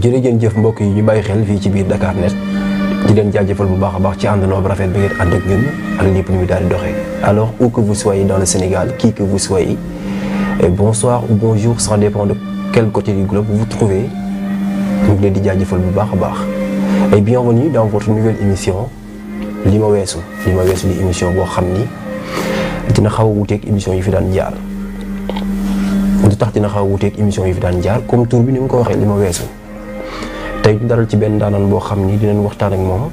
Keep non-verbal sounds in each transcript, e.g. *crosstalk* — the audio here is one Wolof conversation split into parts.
jërëjëf jëf mbokk yi ñu bàyyi xel fii ci biir Dakar Net di leen jaajëfal bu baax a baax ci ànd noo bu rafet bi ngeen ànd ak ñun ak lépp lu muy daal di doxee. alors où que vous soyez dans le Sénégal qui que vous soyez eh, bonsoir ou bonjour ça dépend de quel côté du globe vous trouvez ñu ngi leen di jaajëfal bu baax a baax et bienvenue dans votre nouvelle émission li ma weesu li ma weesu di émission boo xam ni dina xaw wuuteek wuuteeg émission yi fi daan jaar. lu tax dina xaw a wuuteeg émission yi fi daan jaar comme tour bi ni mu ko waxee li ma weesu. tey daral ci benn daanaan boo xam ni dinañ waxtaan ak moom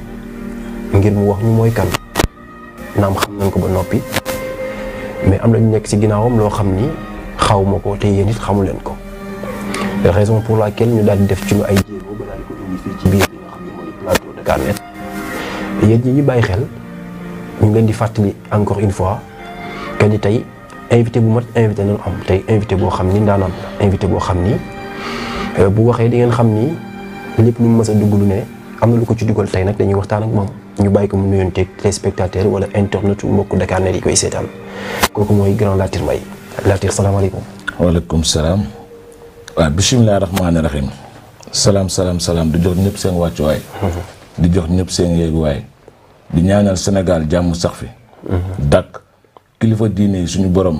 ngir mu wax ñu mooy kan naam xam nañ ko ba noppi mais am nañu nekk ci ginnaawam loo xam ni xawuma ko te yéen it xamu leen ko. raison pour laquelle ñu daal di def ci lu ay jéego ba daal di ko indi fii ci biir li nga ñi bàyyi xel ñu leen di fàttali encore une fois que ni tey. invité bu mat invité nañu am tey invité boo xam ni ndaanaan invité boo xam ni euh, bu waxee di ngeen xam ni lépp nu mu mës a dugg lu ne am na lu ko ci dugal tey nag dañuy waxtaan ak moom ñu bàyyi ko mu nuyonteeg téléspectateur wala internet mbokku Dakar ne yi koy seetaan kooku mooy grand Latir Mbaye Latir salaamaaleykum. waaleykum salaam. waaw bisimilah rahmaani rahim. salaam salaam salaam di jox ñëpp seen wàccuwaay. Mhm. di jox ñëpp seen yéeguwaay. di ñaanal Sénégal jàmm sax fi. Mhm. dakk kilifa diine yi suñu borom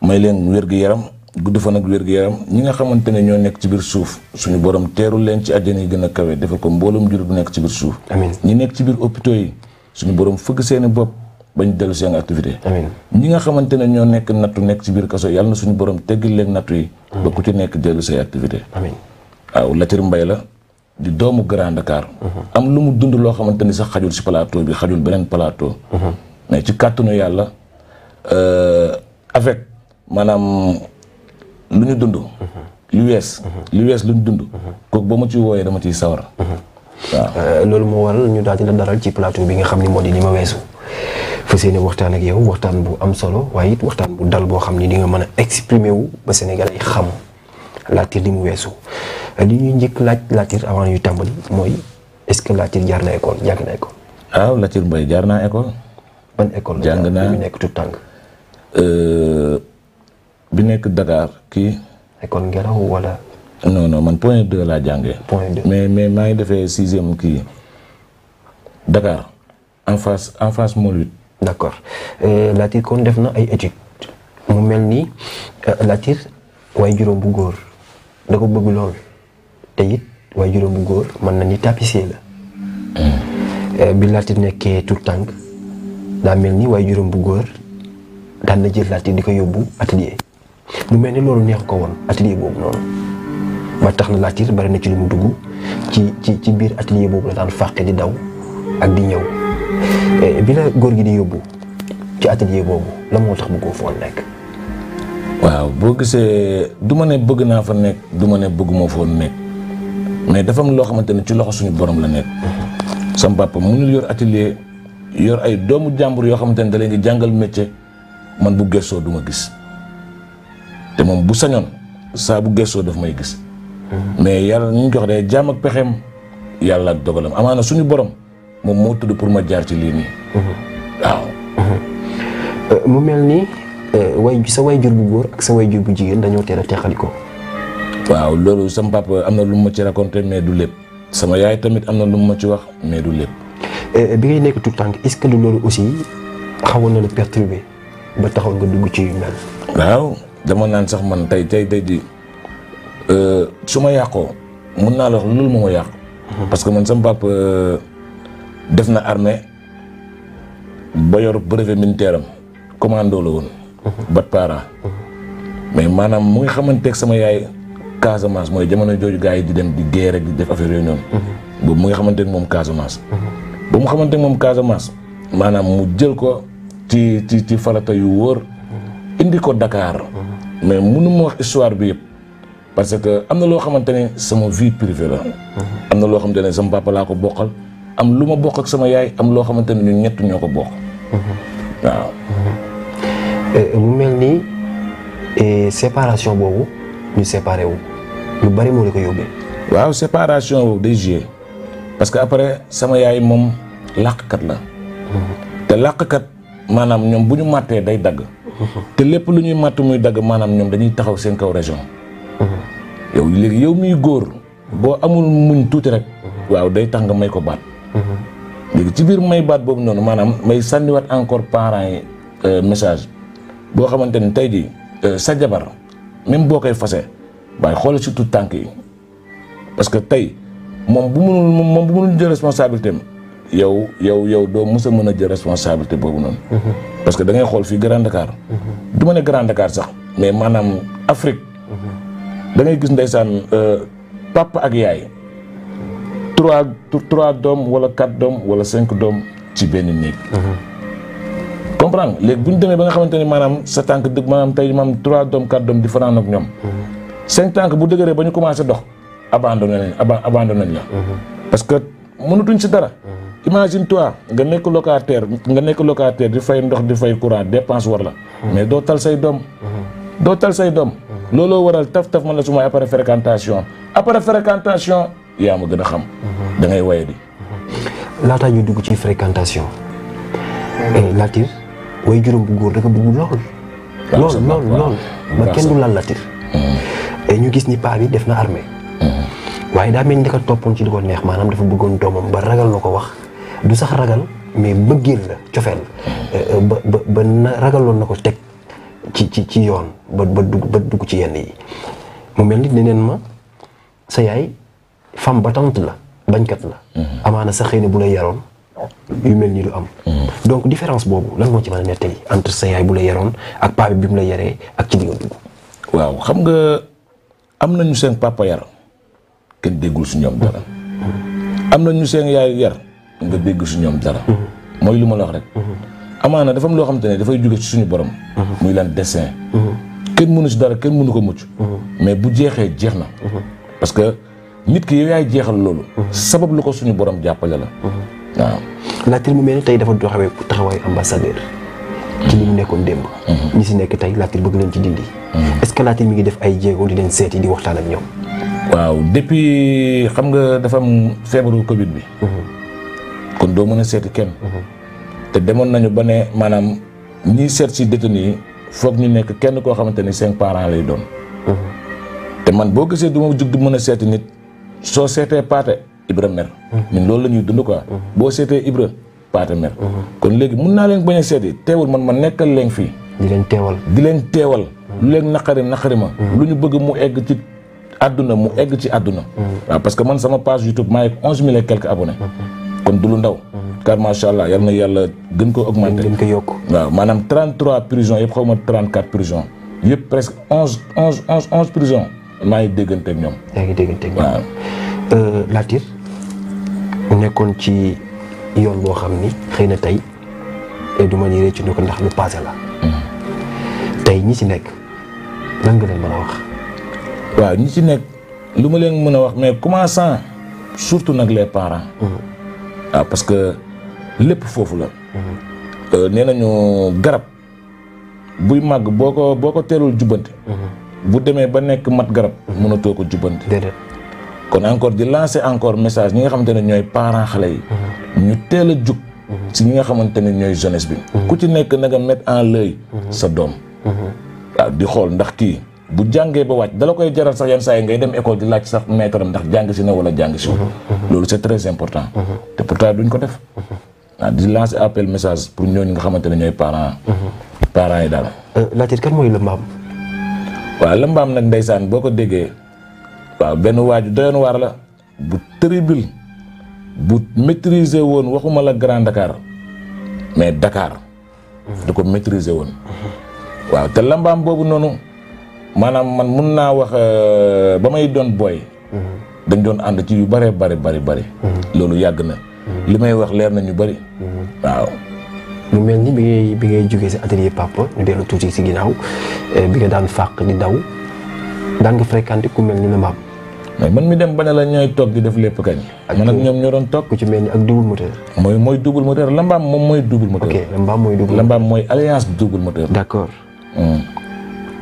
may leen wér-gu-yaram gudd fa nag wér-gu-yaram ñi nga xamante ne ñoo nekk ci biir suuf suñu borom teeru leen ci àjjana yi gën a kawe defal ko mbooloom jullit bu nekk ci biir suuf. amiin ñi nekk ci biir hôpitaux yi suñu borom fëgg seeni bopp ñu dellu seen activité. amiin ñi nga xamante ne ñoo nekk nattu nekk ci biir kaso yàlla na suñu borom teggil leen nattu yi. ba ku ci nekk dellu say activité. amiin waaw Latir mbay la. di doomu Grand Dakar. Mhm. lu mu dund loo xamante ni sax xajul si bi xajul beneen plateau. Mhm. mais ci kàttanu yàlla euh, avec maanaam lu ñu dund. Mm-hmm. lu wees. Mm-hmm. lu wees lu ñu dund. Mm-hmm. kooku ba ma ci wooyee dama ciy sawar. Euh, loolu moo waral ñu daal di la daral ci plateau bi nga xam ni moo di li ma weesu. fa seeni waxtaan ak yow waxtaan bu am solo waaye it waxtaan bu dal boo xam ni di nga mën a exprimer wu ba Sénégalais xam Latir li mu weesu. di euh, ñuy njëkk laaj Latir avant yu tàmbali mooy est-ce que Latir jaar na école jàng na école. waaw ah, Latir Mbaye jaar naa école. ban école jàng naa bi nekk tout tànk euh, bi nekk Dakar kii. école ngelaw wala. non non man point deux laa jàngee. mais mais maa ngi defee sixième kii Dakar en face en face Mouride. d' accord euh, Latir kon def na ay études mu mel ni euh, Latir waaye juróom bu góor da ko bëgg lool te waaye juróom bu góor mën na ni tapissier la. Hmm. bi Latir nekkee tout tànk daa mel nii waaye juróom bu góor daan na jël laati di ko yóbbu atelier mu mel ni loolu neex ko woon atelier boobu noonu ba tax la Latir bari na ci lu mu dugg ci ci ci biir atelier boobu la daan di daw ak di ñëw eh, góor gi di yóbbu ci atelier boobu la moo tax bëggoo foon nekk. waaw boo gisee du ma ne bëgg naa fa nekk du ma ne bëgguma foon nekk mais dafa am loo xamante ne ci loxo suñu boroom la nekk. Mm-hmm. sama papa mënul yor atelier. yor ay doomu jàmbur yoo xamante ne da leen ngi jàngal métier man bu gëstoo du ma gis te moom bu sañoon saa bu gëstoo daf may gis. mais yàlla ñu jox day jaam ak pexeem yàlla ak dogalam amaana suñu borom moom moo tudd pour ma jaar ci lii nii. waaw. mu mel ni euh, way sa way jur bu góor ak sa way jur bu jigéen dañoo teel a teqali ko. waaw loolu sama papa am na lu ma ci raconté mais du lépp sama yaay tamit am na lu ma ci wax mais du lépp. Eh, eh, bi ngay nekk tout tànk est-ce loolu aussi xawoon na la perturbé ba taxaw nga dugg ci yu mel. waaw dama naan sax man tey tey tey di euh, su ma yàqoo mun naa la wax loolu moo ma yàq. Mhm. parce que man sama papa euh, def na armée ba yor brevet militaire am commando la woon. Mhm. bat para mhm. mais maanaam mu nga xamanteeg sama yaay Casamance mooy jamono jooju gars yi di dem di guerre rek di def affaire yooyu noonu. boobu mu nga xamanteeg moom Casamance. ba mu xamante moom Casamance maanaam mu jël ko ci ci ci farata yu wóor indi ko Dakar mais mënu ma wax histoire bi yëpp parce que am na loo xamante ne sama vie privée la am na loo xamante ne sama papa ko bokkal am lu ma bokk ak sama yaay am loo xamante ni ñun ñett ñoo ko bokk waaw eh, mu mel nii eh, séparation boobu ñu séparé wu lu bari moo la ko yóbbee waaw séparation boobu day parce que après sama yaay moom làqkat la te làqkat maanaam ñoom bu ñu màttee day dagg te lépp lu ñuy màtt muy dagg maanaam ñoom dañuy taxaw seen kaw région yow léegi yow muy góor boo amul muñ tuuti rek waaw day tax nga may ko baat léegi ci biir may baat boobu noonu maanaam may sànniwaat encore parents yi euh, message boo xamante ni tey di euh, sa jabar même boo koy fase waaye xoolal surtout tànk yi parce que tey moom bu mënul moom bu mënul jël responsabilité am yow yow yow doo mës mën a jël responsabilité boobu noonu. Mm-hmm. parce que dangay xool fii Grand Dakar. Mm-hmm. du ma ne Grand Dakar sax mais maanaam Afrique. Mm-hmm. da ngay gis ndeysaan euh, papa ak yaay. trois trois doom wala quatre doom wala cinq doom ci benn néeg. comprendre léegi bu ñu demee ba nga xamante ne maanaam sa tànk dëgg maanaam tey maanaam trois doom quatre doom di fanaan ak ñoom. seen tànk bu dëgëree ba ñu commencé dox. abandonné nañ abandonné nañ la. Mhm. parce que mënatuñ si dara. Mhm. imagine toi nga nekk locataire nga nekk locataire di fay ndox di fay courant dépense war la. Mhm. mais doo tal say doom. doo tal say doom. looloo waral taf taf man la sumay après fréquentation après fréquentation yaa ma gën a xam. da ngay waye di. laataa ñu dugg ci fréquentation. Eh, Latir way juróom bu góor dafa bëgg lool. lool lool lool kenn du laal Latir. Eh, ñu gis ni paa bi def na armée. waaye daa mel ni dafa toppoon ci di ko neex maanaam dafa bëggoon doomam ba ragal la ko wax du sax ragal mais bëggeel la cofeel euh, ba ba ragaloon na ko teg ci ci ci yoon ba ba dugg dugg ci yenn yi mu mel ni neen ma sa yaay ba battante la bañkat la mhm. amaana sa xëy na bu lay yaroon yu mel nii du am mhm. donc différence boobu lan moo ci mën a nettali entre sa yaay bu lay yaroon ak paa bi mu lay yaree ak ci li nga dugg waaw xam nga am nañu seen papa yar kenn déggul si ñoom dara am na ñu seen yaay yar nga dégg si ñoom dara mooy lu ma la wax rek amaana dafa loo xam ne dafay jóge si suñu borom muy lan dessin kenn mënu si dara kenn mënu ko mucc mais bu jeexee jeex na parce que nit ki yow yaay jeexal loolu sabab lu ko suñu borom jàppale la waaw Latir mu mel ni dafa doxawee ku taxawaay ambassadeur ci li mu nekkoon démb mhm. ñu si nekk tey Latir bëgg leen ci dindi mhm. est-ce que Latir mi ngi def ay jéego di leen seeti di waxtaan ak ñoom waaw depuis xam nga dafa am feebaru Covid bi. Mhm. kon doo mën a seeti kenn. Mhm. te demoon nañu ba ne maanaam nii seet si détenu yi foog ñu nekk kenn koo xamante ni cinq parents lay doon. Mhm. te man boo gisee du ma jug di mën a seeti nit soo seetee paate Ibra mer. ñun loolu la ñuy dund quoi. boo seetee Ibra paate mer. kon léegi mun naa leen bañ a seeti teewul man ma nekkal leen fii. di leen teewal di leen teewal. lu leen naqari naqari ma. lu ñu bëgg mu egg ci àdduna mu egg ci àdduna mm. waaw parce que man sama page YouTube maa ngi onze mille et quelques mm-hmm. kon du lu ndaw mm-hmm. car macha allah yal na yàlla gën ko augmenté yokk maanaam 33 prison yëpp xaw ma 34 prison yëpp presque onze onze onze onze prison maa ngi déggante ak ñoom yaa ngi déggante ak ñoom waaw euh, Latir nekkoon ci yoon boo xam ni xëy na tey du ma ñuy réccu ko ndax lu passé la mm-hmm. tey ñi si nekk lan nga leen a wax waaw ñi ci nekk lu ma leen mën a wax mais commençant surtout nag les parent waaw mhm. ah, parce que lépp foofu la. Mhm. Euh, nee nañu garab buy màgg boo ko boo ko teelul jubbante. Mhm. bu demee ba nekk mat garab. mënatoo ko jubbante. déedéet kon encore di lancer encore message ñi nga xamante ne ñooy parent xale yi. ñu teel a jug. si ñi nga xamante ne ñooy jeunesse bi. ku ci nekk na nga en l'œil sa doom. waaw ah, di xool ndax kii. bu jàngee ba wàcc dala koy jaral sax yenn saa yi ngay dem école di laaj sax maître am ndax jàng si na wala jàng si mm-hmm, mm-hmm. loolu c'est très important mm-hmm. te pourtant duñ ko def ah di lancer appel message pour ñooñu nga xamante ne ñooy parents parents yi daal euh, laajte kan mooy lëmbaam waaw lëmbaam nag ndeysaan boo ko déggee waaw benn waaju doyoon waar la bu terrible bu maîtriser woon waxuma la Grand Dakar mais dakaar da ko maîtriser woon waaw te lëmbaam boobu maanaam man mun naa wax euh, ba may doon booy. Mm-hmm. dañ doon ànd ci yu bëree bari bari bari mm-hmm. loolu yàgg na. Mm-hmm. li may wax leer na ñu bari waaw. mu mel ni bi ngay bi ngay jógee si atelier papa ñu dellu tuuti si ginnaaw eh, bi nga daan fàq di daw daan nga fréquenté ku mel ni la maam. mais man mi dem ba ne la ñooy toog di def lépp kañ. ak man ak ñoom ñoo doon toog. ku ci mel ni ak double moteur. mooy mooy double moteur lambaam moom mooy double moteur. ok lambaam mooy double lambaam mooy alliance double moteur. d'accord. Mm.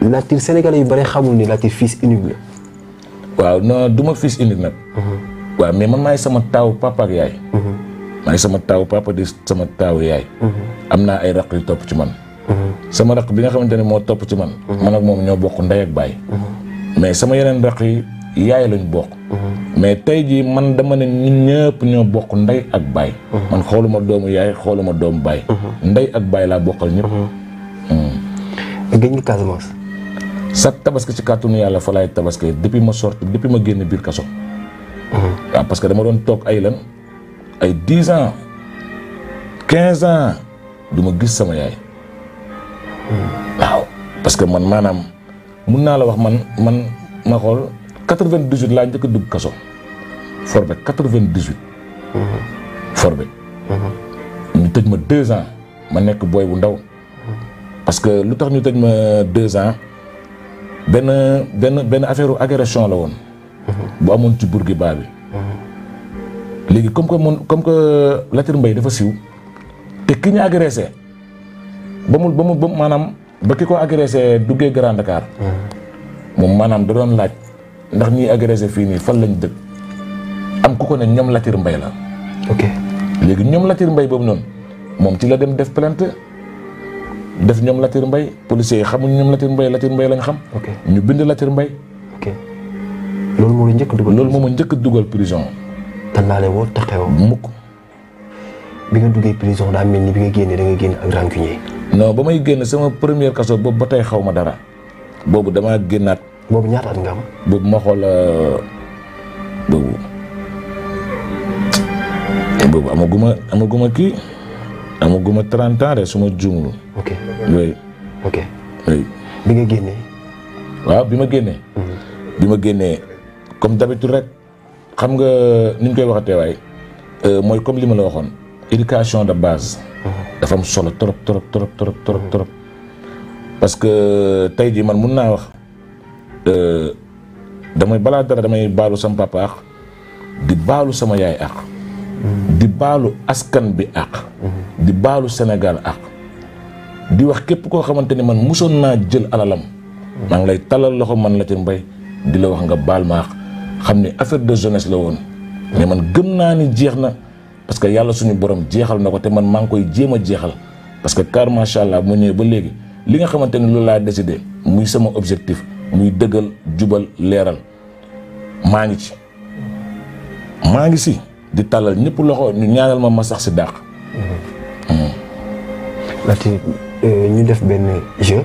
Latir senegal yu bëri xamul ni Latir fils unique la. waaw duma du ma fils nag. Mhm. waaw mais man maay sama taaw papa ak yaay. Mhm. maay sama taaw papa di sama taaw yaay. Mhm. am naa ay raq yu topp ci man. sama raq bi nga xamante ne moo topp ci man. man ak moom ñoo bokk ndey ak baay. mais sama yeneen raq yi yaay lañ bokk. mais tey jii man dama ne ñun ñëpp ñoo bokk ndey ak baay. man xooluma doomu yaay xooluma doomu baay. ndey ak baay laa bokkal ñëpp. Mm. gëj nga Casamance. chaque tabaski ci kàttanu yàlla fa laay tabaski depuis ma sorti depuis ma génn biir kaso. waaw mhm. ah, parce que dama doon toog ay lan ay dix ans quinze ans du ma gis sama yaay. Mhm. waaw parce que man maanaam mun naa la wax man man ma xool quatre-vingt-dix-huit laa njëkk a dugg kaso. forbe quatre-vingt-dix-huit. Mhm. forbe. ñu tëj ma deux ans ma nekk booy bu ndaw. parce que lu tax ñu tëj ma deux ans. benn benn benn affaire agression la woon. Mhm. bu amoon ci Bourguiba bi. Mhm. léegi comme que mun comme que Latir mbay dafa siw te ki ñu agressé ba mu ba mu ba maanaam ba ki ko agressé duggee Grand Dakar. Mhm. moom maanaam da doon laaj ndax ñiy agressé fii nii fan lañ dëkk am ku ko ne ñoom Latir mbay la. léegi ñoom Latir Mbaye boobu noonu moom ci la dem def plainte. def ñoom Latir mbay policiers yi xamuñu ñoom Latir Mbaye Latir Mbaye lañ xam. ñu bind Latir Mbaye. ok loolu moo la njëkk dugal. loolu moo ma njëkk dugal prison. te laale woo taxewoo. mukk bi nga duggee prison daa mel ni bi nga génnee da nga génn ak yi no ba may génn sama première kaso boobu ba tey xaw ma dara. boobu damaa génnaat. boobu ñaata at nga am. boobu ma xool euh, boobu amaguma amaguma kii. amaguma 30 ans rek su ma juumlu. ok nga génne waaw bi ma génnee. Mm-hmm. bi ma génnee comme d'habitude rek xam nga ni ñu koy waxatee waaye euh, mooy comme li ma la waxoon éducation de base. Mm-hmm. dafa am solo trop trop trop trop trop trop. parce que tey jii man mun naa wax euh, damay balaa dara damay baalu sama papa ak di baalu sama yaay ak. di baalu askan bi àq. di baalu Sénégal àq. di wax képp koo xamante ni man mosoon naa jël alalam. maa ngi lay talal loxo man la ci mbay di la wax nga baal ma àq xam ni affaire de jeunesse la woon. mais man gën naa ni jeex na parce que yàlla suñu borom jeexal na ko te man maa ngi koy jéem a jeexal parce que car macha allah mu ñëwee ba léegi li nga xamante ni loolu laa décidé muy sama objectif muy dëggal jubal leeral maa ngi ci maa ngi si. di tàllal ñépp loxo ñu ñaanal ma ma sax si dàq. Mm-hmm. laati euh, def benn jeu.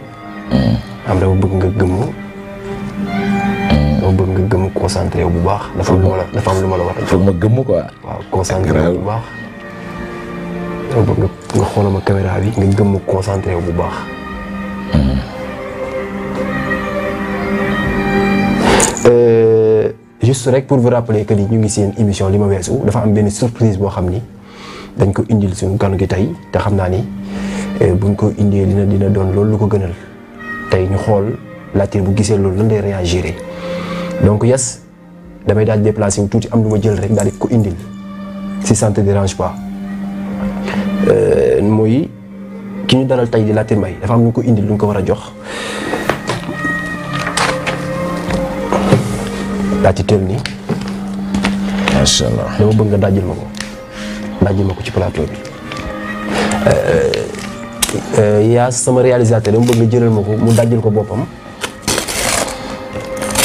Mm-hmm. am dama bëgg nga gëmm. Mm-hmm. dama bëgg nga gëmm concentré bu baax. dafa am lu ma la dafa am lu ma la wax. foog ma gëmm quoi. waaw concentré bu baax. dama bëgg nga xoolal ma caméra bi nga gëmm concentré bu baax. Euh, juste rek pour vous rappeler que ni ñu ngi seen émission li ma weesu dafa am benn surprise boo xam ni dañ ko indil suñu ganu gi tey te xam naa ni eh, buñ ko indee dina dina doon loolu lu ko gënal tey ñu xool Latir bu gisee loolu lan lay réagir donc yes damay daal déplacé wu tuuti am lu ma jël rek daal ko indil si ça ne te dérange euh, mooy ki ñu dalal tey di Latir Mbaye dafa am lu ñu ko indil luñ ko war a jox. daa ci teel nii. macha allah dama bëgg nga dajjil ma ko dajjil ma ko ci plateau bi. Euh, euh, euh, yaa sama réalisateur dama bëgg nga jëlal ma ko mu dajjil ko boppam.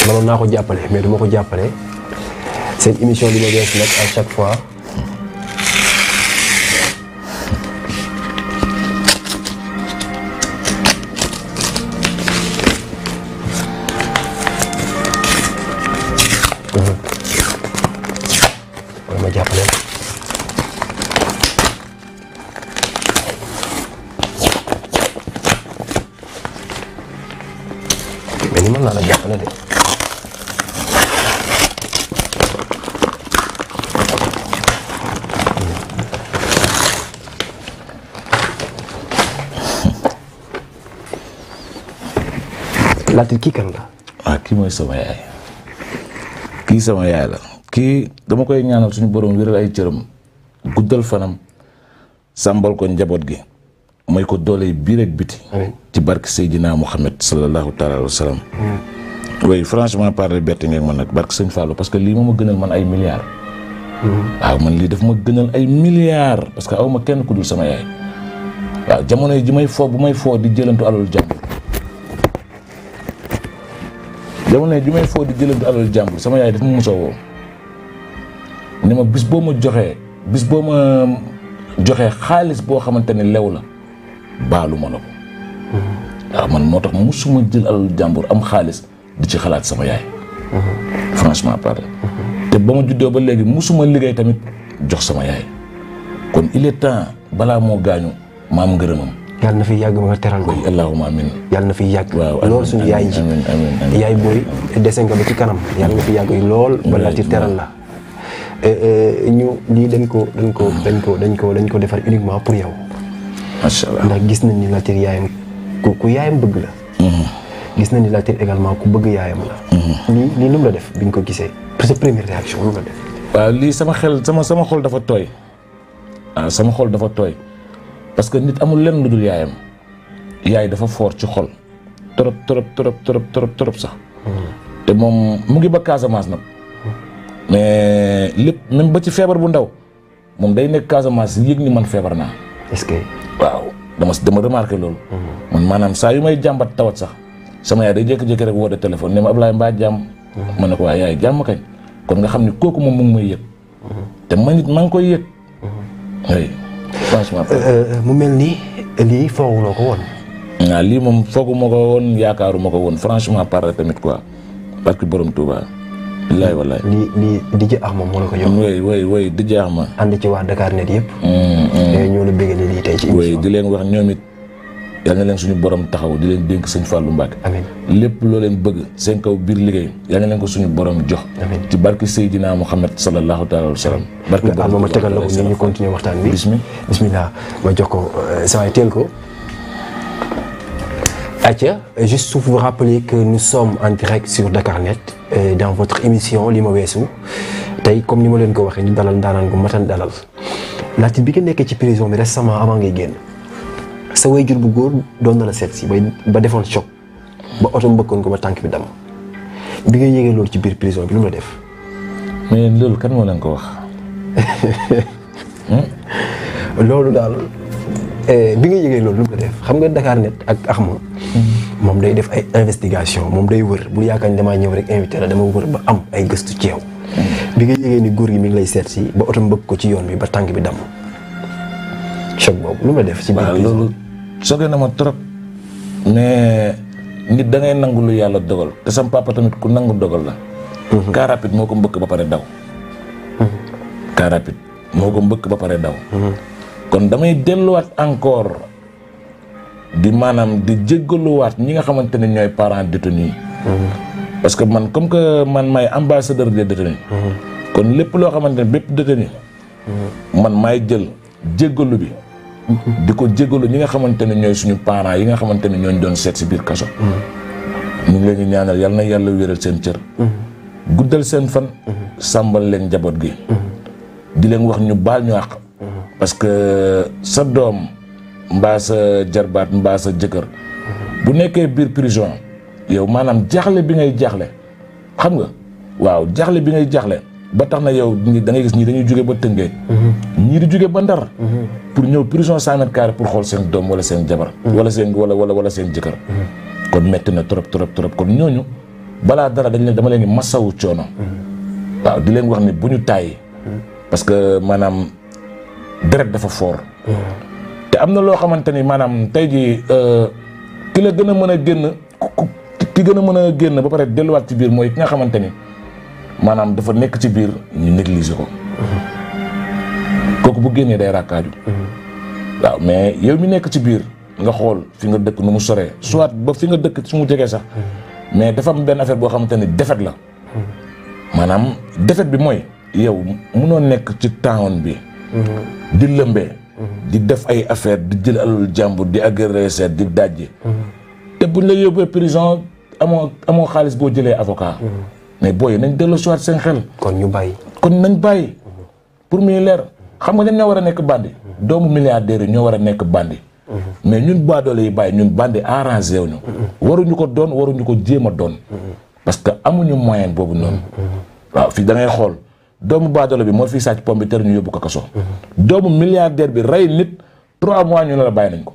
manoon naa ko jàppale mais du ma ko jàppale seen émission bi ma gees nag à chaque fois. war kii kan la. kii mooy sama yaay kii sama yaay la kii dama koy ñaanal suñu borom wéral ay cëram guddal fanam sàmbal ko njaboot gi. may ko dooley biir ak biti ci barke Seydina Mouhamed sallallahu taala wa sallam oui franchement parler bett ngeen man nag bark sëñ Fallou parce que lii moo ma gënal man ay milliards mhm. waaw man lii daf ma gënal ay milliards parce que aw ma kenn ku dul sama yaay waaw jamono ji may foo may foo di jëlantu alalu jàmbur jamono ji may foo di jëlantu alalu jàmbur sama yaay daf ma mosoo woo ne ma bis boo ma joxee bis boo ma joxee xaalis boo xamante ne lew la baalu ma na ko. waaw ah, man moo tax musuma jël alal jàmbur am xaalis di ci xalaat sama yaay. franchement parler. te ba ma juddoo ba léegi musuma liggéey tamit jox sama yaay. kon il est temps balaa moo gaañu maam ngërëmam. yàlla na fi yàgg nga teral ko. allahumma amiin. yàlla na fi yàgg. waaw lool suñu yaay ji yaay booy dese nga ba ci kanam. yàlla na fi yàgg lool. balaa ci teral la. Eh, eh, ñu nii dañ ko dañ ko dañ ko dañ ko dañ ko defar uniquement pour yow. macha allah ndax gis nañ ni Latir yaayam ku ku yaayam bëgg la. Mm-hmm. gis nañ ni Latir également ku bëgg yaayam la. Mm-hmm. lii lii mu la def bi ñu ko gisee pour sa première réaction nu mu la def. waaw lii sama xel sama sama xol dafa tooy ah sama xol dafa tooy parce que nit amul lenn lu dul yaayam yaay dafa foor ci xol trop trop trop trop trop trop sax. Mm-hmm. te moom mu ngi ba Casamance nag. mais lépp même ba ci feebar bu ndaw moom day nekk Casamance yëg ni man feebar naa. est waaw dama dama remarqué loolu. Mhm. man maanaam saa yu may jàmbat tawat sax sama yaay day jékki-jékki rek woote téléphone ne ma Ablaye mbaa jàmm. Mhm. ma ne ko waaye yaay jàmm kañ kon nga xam ne kooku moom mu ngi may yëg. Mhm. te man it maa ngi koy yëg. franchement. Euh, euh, mu mel ni lii fooguloo ko woon. waaw ah, lii moom fooguma ma ko woon yaakaaru ko woon franchement parler tamit quoi parce que borom Touba. billaay wallaay li li DJ Axma moo na ko jox. oui oui oui DJ Axma. ànd ci waa Dakar net yëpp. Mm, mm. ñoo la bëgg lii tey ci émission di leen wax ñoom it yal na leen suñu borom taxaw di leen dénk sëñ Fallou Mbacke. amiin lépp loo leen bëgg seen kaw biir liggéey yal na leen ko suñu borom jox. amiin ci barke Seydina Mouhamed sallallahu taala wa salaam. barke borom ma tegal la ko ñu continuer waxtaan bi. bisimilah ma jox ko euh, saa teel ko. Atia, juste pour vous rappeler que nous sommes en direct sur Dakarnet euh, dans votre émission li ma weesu tey comme ni ma leen ko waxee ñu dalal daanaan gu matan dalal Latir bi nga nekkee ci prison bi rek récemment avant ngay génn sa waajur bu góor doon na la seet si bay ba defoon choc ba oto mbëkkoon ko ba tànk bi dam bi nga yéegee loolu ci biir prison bi lu mu la def. mais loolu kan moo leen ko wax. *laughs* Hmm? loolu daal. Eh, bi nga jegee loolu lu mu def xam nga Dakar Net ak Axma moom day def ay investigation moom day wër bu yaakaar ni damaa ñëw rek invité la dama wër ba am ay gëstu ci yow bi nga yëgee ni góor gi mi ngi lay seet si ba oto mbëkk ko ci yoon bi ba tànk bi damm choc boobu lu mu def ci biir loolu choqué na ma trop mais nit da nangu lu yàlla dogal te sam papa tamit ku nangu dogal la mhm. car rapide moo ko mbëkk ba pare daw mhm. car rapide moo ko mbëkk ba pare daw mhm. kon damay delluwaat encore di maanaam di jéggaluwaat ñi nga xamante ne ñooy parent détenus yi mm-hmm. parce que man comme que man maay de des détenus mm-hmm. kon lépp loo xamante ne bépp détenu mm-hmm. man maay jël jéggalu bi di ko jéggalu ñi nga xamante ne ñooy suñu parents yi nga xamante ne ñooñ doon seet si biir kaso mu ngi leen di ñaanal yal na yàlla wéral seen cër guddal seen fan sàmbal leen njaboot gi di leen wax ñu baal ñu àq parce que sa doom mbaa sa jarbaat mbaa sa jëkkër bu nekkee biir prison yow maanaam jaaxle bi ngay jaaxle xam nga waaw jaaxle bi ngay jaaxle ba tax na yow da ngay gis ñii dañuy jóge ba tëngee mhm. ñii di jóge ba ndar mhm. pour ñëw prison cent mètres pour xool seen doom wala seen jabar mhm. wala seen wala wala wala seen jëkkër kon metti na trop trop trop kon ñooñu balaa dara dañ leen dama leen di masawu coono waaw di leen wax ni bu ñu tàyyi parce que maanaam deret dafa foor te am na loo xamante ni maanaam tey jii euh, ki la gën a mën a génn ki gën a mën a génn ba pare delluwaat ci biir mooy ki nga xamante ni maanaam dafa nekk ci biir ñu négliger ko kooku bu génnee day rakkaaju mais yow mi nekk ci biir nga xool fi nga dëkk nu mu soree soit ba fi nga dëkk su mu jegee sax mais dafa am benn affaire boo xamante ni defet la maanaam defet bi mooy yow munoo nekk ci town bi di lëmbee di def ay affaire di jël alal jàmbur di agresser di dajji te buñ la yóbbee prison amoo amoo xaalis boo jëlee avocat mais booy nañ delloo si seen xel kon ñu bàyyi kon nañ bàyyi pour muy leer xam nga ñan ñoo war a nekk bandi doomu milliardaires yi ñoo war a nekk bandi mais ñun baadoole yi bàyyi ñun bandi arrangé wuñu waruñu ko doon waruñu ko jéem a doon parce que amuñu moyen boobu noonu waaw fii da xool doomu baadoolo bi moo fi sàcc pomme bi ter ñu yóbbu ko kaso doomu milliardaire bi rey nit trois mois ñu ne la bàyyi nañ ko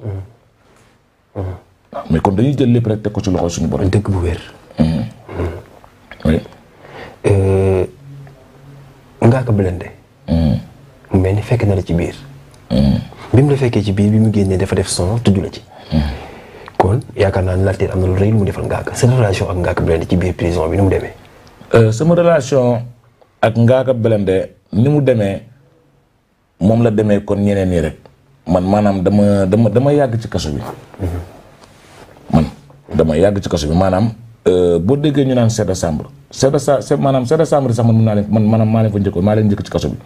mais kon dañuy jël lépp rek teg ko ci loxo suñu borom dëgg bu wér mm-hmm. oui euh, Ngaaka Blindé mu mm-hmm. mel ni fekk na la ci biir mm-hmm. bi mu la fekkee ci biir bi mu génnee dafa def son tudd la ci kon yaakaar naa ne Latir am na lu rëy lu mu defal Ngaaka sa relation ak Ngaaka Blindé ci biir prison bi nu mu demee euh, sama relation ak Ngaaka de ni mu demee moom la demee kon ñeneen ñi rek man maanaam dama dama dama yàgg ci kaso bi. man dama yàgg ci kaso bi maanaam euh, boo déggee ñu naan sept décembre sept décembre maanaam sept décembre sax man mën naa leen man maanaam maa leen ko njëkkoon maa leen njëkk ci kaso bi.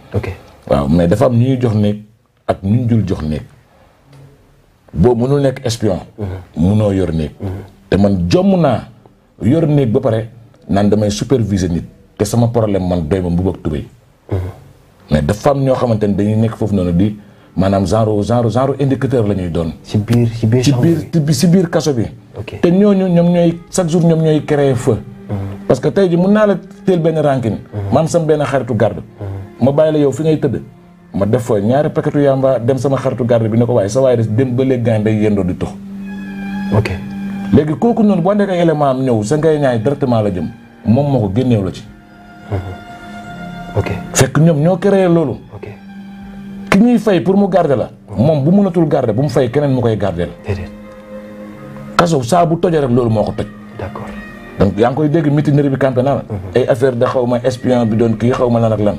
waaw mais dafa am ñuy jox néeg ak ñu jul jox néeg boo mënul nekk espion. mënoo mhm. yor néeg. Mhm. te man jomm naa yor néeg ba pare naan damay superviser nit. te sama problème man doy ma mbubb ak tubéy mais dafa am ñoo xamante ni dañuy nekk foofu noonu di maanaam genre genre genre indicateur la ñuy doon. ci biir ci biir ci biir ci biir kaso bi. te ñooñu ñoom ñooy chaque jour ñoom ñooy créer feu. Mhm. parce que tey ji mun naa la teel benn rankin. Mhm. maam sam benn xaritu garde. Mhm. ma bàyyi la yow fi ngay tëdd. ma def fa ñaari paquetu ba dem sama xaritu garde bi ne ko waaye sa waaye dem ba léegi gaañ day yendoo di tux. ok léegi kooku noonu boo nekk ay élément ñëw sa ngay ñaay directement la jëm moom moo ko génneew ci. Mm-hmm. ok fekk ñoom ñoo créé loolu. ok ki ñuy fay pour mu garder la. Mm-hmm. moom bu mënatul garde bu mu fay keneen mu koy garder la. déedéet kaso saa bu tojee rek loolu moo ko toj. donc yaa ngi koy dégg mutinerie bi campé naa la. Mm-hmm. ay affaire da xaw ma espion bi doon kii xaw ma lan ak lan.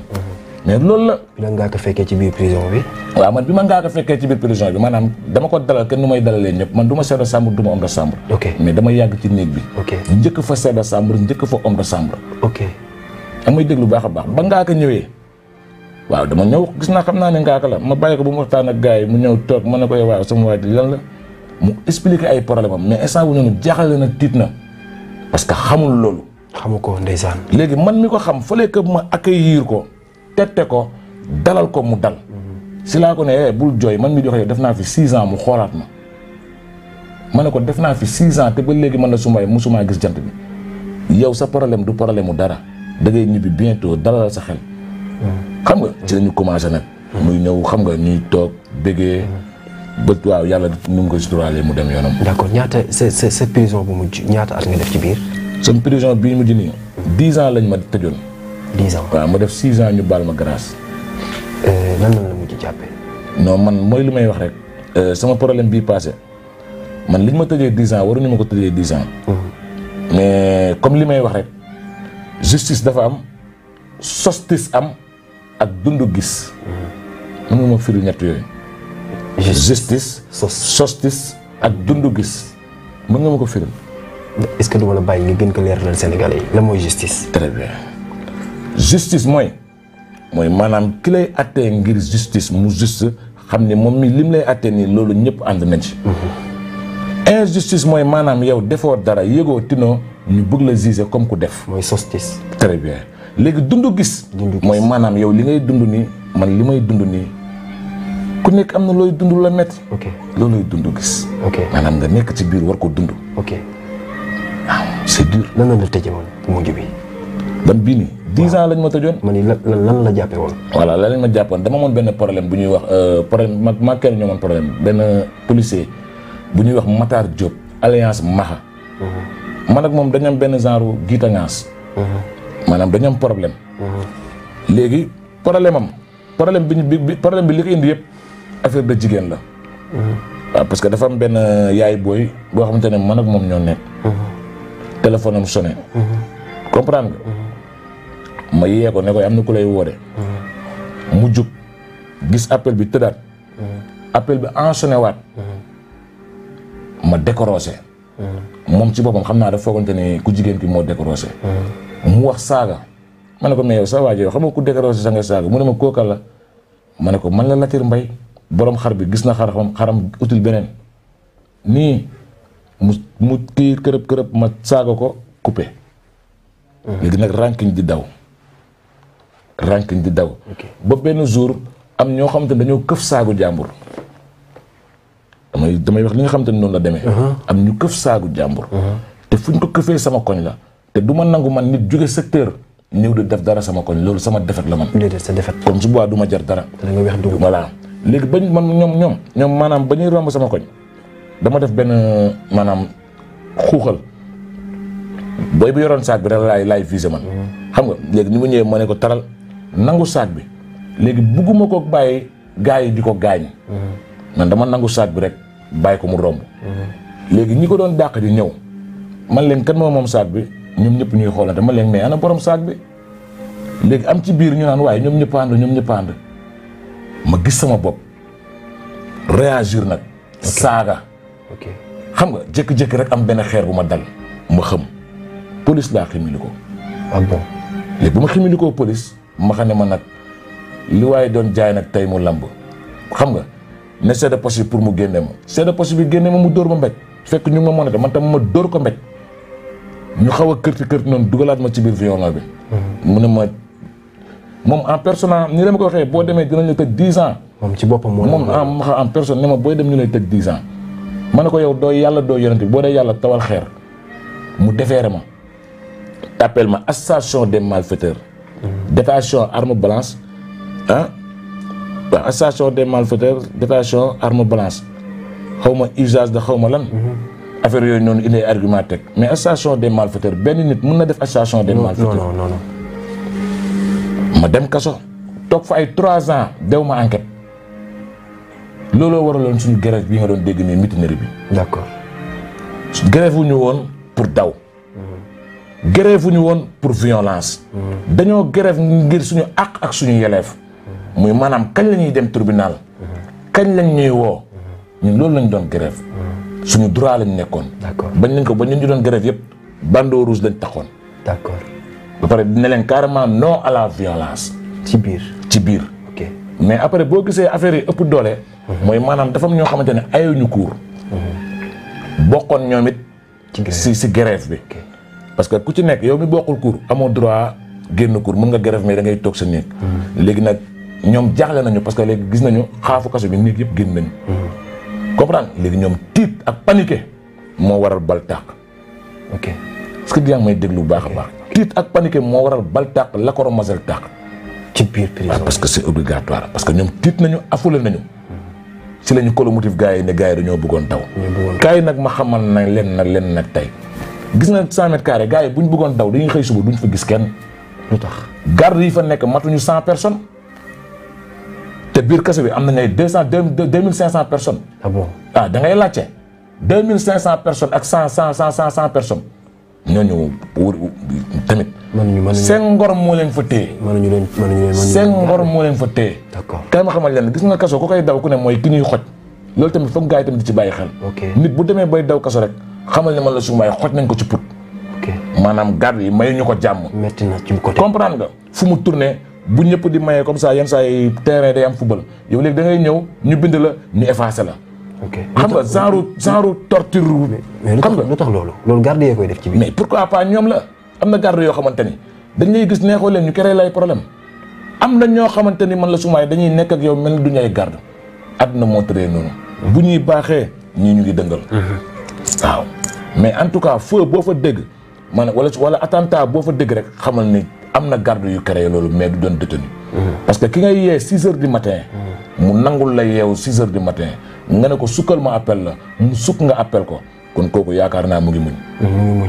mais loolu la. bi la fekkee ci biir prison bi. waaw man ma ngaa ko fekkee ci biir prison bi maanaam dama ko dalal kenn nu may dalalee ñëpp man du ma seede chambre du ma homme de chambre. ok mais dama yàgg ci néeg bi. njëkk fa seede chambre njëkk fa homme ok. damay déglu baax a baax ba ngaa ko ñëwee waaw dama ñëw gis naa xam naa ne ngaaka la ma bàyyi ko ba mu waxtaan ak gars yi mu ñëw toog ma ne ko waaw sama waa ji lan mu expliquer ay problème am mais instant bu noonu jaaxale na tiit na parce que xamul loolu. xamu ko ndeysaan. léegi man mi ko xam fële que ma accueillir ko tette ko dalal ko mu dal. Mhm. laa ko ne eh, bul jooy man mi joxe def naa fi six ans mu xoolaat ma ma ne ko def naa fi six ans ba léegi man la su ma gis jant yow sa problème du problème mu dara. da ngay ñibbi bientôt dalal sa xel. Hmm. xam nga ci lañu commencé nag. Hmm. muy ñëw xam nga ñuy toog bëggee. Hmm. bët waaw yàlla nu mu ko suturaale mu dem yoonam. d' accord ñaata sa sa prison bu mu ñaata at nga def ci biir. sama prison bii mujj nii. dix ans lañ ma tëjoon. dix ans waaw ma def six ans ñu baal ma grâce. nan euh, nan la mujj jàppee. man mooy li may wax rek. Euh, sama problème bii passé man li ñu ma tëjee dix ans waruñu ma ko tëjee dix ans. mais comme li may wax rek. justice dafa am sostis am ak dundu gis mën nga ma firi ñett ak dundu gis mën nga ko firil est-ce que duma la bàyyi nga gën ko leeralal Sénégalais la mooy justice très bien justice mooy mooy maanaam ki lay attee ngir justice mu juste xam ne moom mi lim lay attee nii loolu ñëpp ànd nañ ci mhm. injustice mooy maanaam yow defoo dara yëgoo tinoo ñu bëgg la juger comme ku def. mooy justice. très bien léegi dund gis. mooy maanaam yow li ngay dund nii man li may dund nii ku nekk am na looy dund la métti. ok loolooy dund gis. ok maanaam nga nekk ci biir war ko dund. ok waaw c'est dur. lan la la tëjee woon mujj bi. ban bii nii. dix ans lañ ma tëjoon. ma ni lan lan la jàppee woon. voilà lan lañ jàppoon dama amoon benn problème bu ñuy wax euh, problème ma kenn ñoo amoon problème benn policier bu ñuy wax Matar Diop alliance maxa mhm. man ak moom dañu benn genre gitangaas. Mhm. maanaam dañu problème. Mhm. léegi problème am problème bi bi problème bi li ko indi yëpp affaire de jigéen la. Mhm. waaw parce que dafa am benn euh, yaay booy boo xamante ne man ak moom ñoo nekk. téléphone am sonné. comprendre nga. ma yee ko ne koy am na ku lay woore mu jug gis appel bi tëddaat. appel bi en sonné ma décorosé. moom ci boppam xam naa de foogante ne ku jigéen ki moo décroché. mu wax saaga. ma ne ko mais sa waa ji yow xam nga ku décroché sa nga saaga mu ne ma kooka la ma ne ko man na Latir Mbay borom xar bi gis na xam xaram utul beneen nii mu mu kii kërëb kërëb ma saaga ko coupé. léegi nag ranking di daw. ranking di daw. ba benn jour am ñoo xamante ne dañoo këf saagu jàmbur. damay damay wax li nga xam te noonu la deme uh-huh. am ñu këf saagu jàmbur. Uh-huh. te fu ñu ko këfee sama koñ la. te du ma nangu man nit jóge secteur. ñëw di def dara sama koñ loolu sama defet la man. déedéet sa defet. kon su boobaa du ma jar dara. dana nga weex dugub voilà. léegi bañ man ñoom ñoom ñoom maanaam ba ñuy romb sama koñ dama def benn maanaam xuuxal booy bi yoroon saag bi rek laay laay visé man. Uh-huh. xam nga léegi ni mu ñëwee ma ne ko taral nangu saag bi léegi bugguma ko bàyyi gars yi di ko gaañ. man dama nangu saag bi rek. bàyyi ko mu romb. léegi ñi ko doon dàq di ñëw man leen kat moom moom saak bi ñoom ñëpp ñuy xoolante man leen mais ana borom saag bi léegi am ci biir ñu naan waaye ñoom ñëpp ànd ñoom ñëpp ma gis sama bopp réagir nag. saaga. xam nga jékki-jékki rek am benn xeer bu ma dal ma xëm police laa ximili ko. ak ah bon léegi bu ma ximili police ma xam ne ma nag li waaye doon jaay nag tey mu lamb xam nga. ne seede poche yi pour mu génne ma seede poche bi génne ma mu dóor ma mbéj fekk ñu ngi ma monate man tam ma dóor ko mbéj ñu xaw a kërti kërti noonu dugalaat ma ci biir violon bi mhm. mu ne ma moom en personnel ni la ko waxee boo demee dinañ la tëj dix ans moom ci boppam moom en personne ne ma booy dem ñu lay tëj dix ans ma ne ko yow doo yàlla doo yonent bi boo dee yàlla tawal xeer mu defeere ma appelle ma association des malfaiteurs mhm. détention arme blanche ah association des malfaiteurs détention arme blanche xaw ma usage de xaw ma lan. Mhm. affaire yooyu noonu il argument teg mais association de malfaiteurs benn nit mun na def association des malfaiteurs non non non ma dem kaso toog fa ay trois ans dew ma enquête looloo waraloon suñu grève bi nga doon dégg ne mutinerie bi. d'accord ñu woon pour daw. Mhm. grève ñu woon pour violence. Mhm. dañoo grève ngir suñu àq ak suñu yeleef muy maanaam kañ la ñuy dem tribunal kañ lañ ñuy woo ñun loolu lañ doon grève suñu droit lañ nekkoon bañ nañ ko ba ñu ñu doon grève yëpp bandeau rouge lañ taxoon d'accord ba pare dina leen carrément non à la violence ci biir ci biir ok mais après boo gisee affaire yi ëpp doole mooy maanaam dafa am ñoo xamante ne ayuñu cour bokkoon ñoom it si si grève bi parce que ku ci nekk yow mi bokkul cour amoon droit génn cour mun nga grève mais da ngay toog sa néeg hmm. léegi nag ñoom jaaxle nañu parce que léegi gis nañu xaafu kaso bi nit yëpp génn nañu. comprendre léegi ñoom tiit ak paniqué moo waral bal tàq. ok que di may déglu baax a baax. ak paniqué moo waral bal tàq lakoro masel tàq. ci biir prison ah, parce que c'est obligatoire parce que ñoom tiit nañu affolé nañu. Mm-hmm. si lañu colomotive gars yi ne gars yi dañoo bëggoon daw. gars yi nag ma xamal na leen nag leen nag tey. gis na 100 mètres carrés yi bu ñu bëggoon daw dañuy xëy suba duñ fa gis kenn. lu tax garde yi fa nekk matuñu cent personnes. te biir kaso bi am nañ ay deux cent deux mille cinq cent personnes. ah bon ah da ngay laajte deux mille cinq cent personnes ak cent cent cent cent personnes ñooñu wër tamit. mënuñu mënuñu seen ngor moo leen fa téye. mënuñu leen mënuñu leen seen ngor moo leen fa téye. d'accord xamal leen gis nga kaso ku koy daw ku ne mooy ki ñuy xoj. loolu tamit foog gars yi tamit di ci bàyyi xel. nit bu demee bay daw kaso rek xamal ne man la su may xoj nañ ko ci put. ok maanaam garde yi ñu ko jàmm. metti na ci côté nga fu mu tourné. bu ñëpp di maye comme ça yenn saa yi terrain day am football yow léegi dangay ñëw ñu bind la ñu effacé la. xam nga genre genre torture. xam nga lu tax loolu. loolu garde yee koy def ci biir. mais pourquoi pas ñoom la am na garde yoo xamante ni dañ lay gis neexoo leen ñu créé lay problème am na ñoo xamante ni man la sumaay dañuy nekk ak yow mel ni duñu ay garde àdduna moo tëree noonu. Mm-hmm. bu ñuy baaxee ñii ñu ngi dëngal. Mm-hmm. waaw mais en tout cas feu boo fa dégg maanaam wala wala attentat boo fa dégg rek xamal ni. am na garde yu créé loolu mais du doon détenu parce que ki ngay yee six heures du matin mu nangul la yeewu six heures du matin nga ne ko sukkal ma appel la mu sukk nga appel ko kon kooku yaakaar naa mu ngi muñ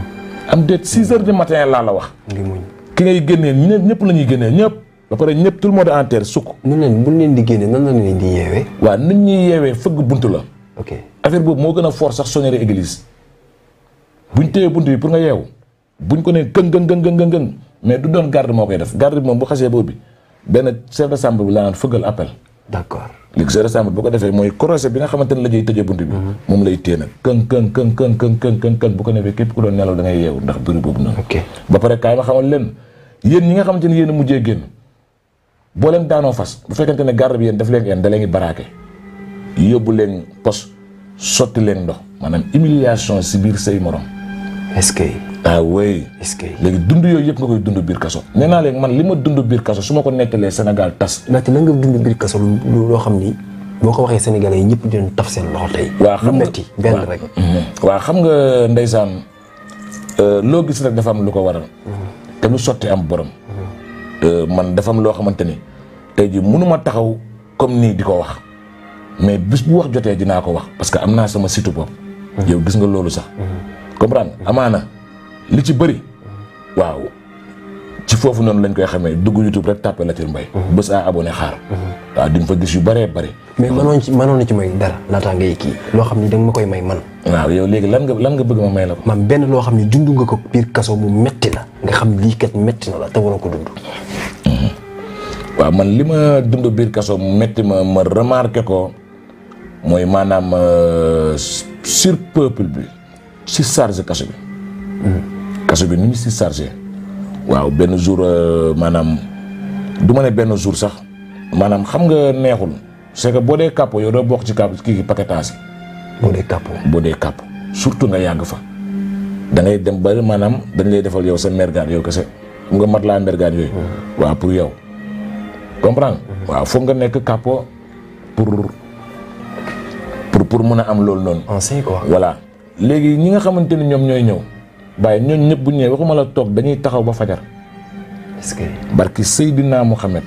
am déet six heures du matin laa la wax mu ngi ki ngay génnee ñëpp ñëpp la ñuy génnee ñëpp ba pare ñëpp tout le monde en terre sukk mun leen buñ leen di génnee nan la leen di yeewee waaw nit ñuy yeewee fëgg bunt la ok affaire boobu moo gën a fort sax sonnerie église buñ téyee bunt bi pour nga yeewu buñ ko nee gën gën gën gën gën mais du doon garde moo koy def garde bi moom bu xasee boobu benn chef de chambre bi laa naan fëggal appel. d'accord léegi chef de chambre bu ko defee mooy croisé bi nga xamante ne la ñuy tëjee bunt bi. Mhm. moom lay téye nag këng këng këng këng këng këng këng këng bu ko defee képp ku doon nelaw da ngay yeewu ndax bëri boobu noonu. ok ba pare kaay ma xamal leen yéen ñi nga xamante ne yéen a mujjee génn boo leen daanoo fas bu fekkente ne garde bi yéen daf leen yéen da leen di baraake yóbbu leen pos sotti leen ndox maanaam humiliation si biir say ah oui est-ce que léegi dund yooyu yëpp nga koy dund biir kaso nee naa léegi man li ma dund biir kaso su ma ko nettalee Sénégal tas ndaxte lan nga dund biir kaso lu loo xam ni boo ko waxee sénégalais yi ñëpp dinañ taf seen loxo tey waaw xam nga benn rek mm-hmm. waaw xam nga ndeysaan euh, loo gis rek dafa am lu ko waral mm-hmm. te lu sotti am borom mm-hmm. euh, man dafa am loo xamante ni tey ji mënuma taxaw comme nii di ko wax mais bis bu wax jotee dinaa ko wax parce que am naa sama situ bopp yow gis nga loolu sax comprendre amaana li ci bëri waaw ci foofu noonu lañ koy xamee dugg YouTube rek tàppe Latir Mbaye mhm. bés à abonné xaar mhm. waaw di nga fa gis yu bëree bëri mais mënoon ci mënoon na ci may dara laataa ngay kii loo xam ni da ma koy may man waaw yow léegi lan nga lan bëgg ma may la ko man benn loo xam ne dund nga ko biir kaso mu metti la nga xam lii kat metti na la te waroo ko dund mhm. waaw man li ma dund biir kaso mu metti ma ma remarqué ko mooy maanaam euh, sur peuple bi surcharge kaso bi kaso bi nu ñu si chargé waaw benn jour euh, maanaam du ma ne benn jour sax maanaam xam nga neexul c'est que boo dee kàpp yow doo bokk ci kàpp kii paquetage yi. boo dee kàpp boo dee kàpp surtout nga yàgg fa. da ngay dem ba maanaam dañ lay defal yow sa mergaan yow kese nga mat laa mergaan yooyu. Mm-hmm. waaw pour yow. comprendre mm-hmm. waaw foog nga nekk kàppo pour pour pour mën a am loolu noonu. en voilà léegi ñi nga xamante ni ñoom ñooy ñëw. waaye ñooñu ñëpp bu ñu ñëwee waxuma la toog dañuy taxaw ba fajar. est-ce que. barki Seydina Mohamed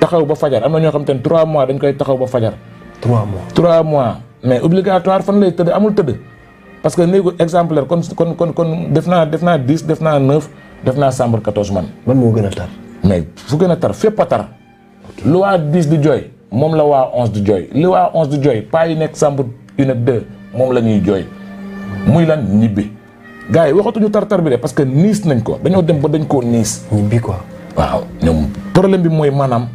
taxaw ba fajar am na ñoo xam te trois mois dañ koy taxaw ba fajar. 3 mois mois mais obligatoire fan lay tëdd amul tëdd. parce que néegu exemplaire kon kon kon kon def naa def naa 10 def naa 9 def naa chambre 14 man. man moo gën a tar. mais fu gën a tar fépp a tar. lu waa 10 di jooy moom la waa 11 di jooy li waa 11 di jooy pas yi nekk chambre une moom la ñuy jooy muy lan ñibbi. gars yi waxatuñu tar-tar bi de parce que niis nañ ko dañoo dem ba dañ koo niis. ñibbi quoi. waaw ñoom problème bi mooy maanaam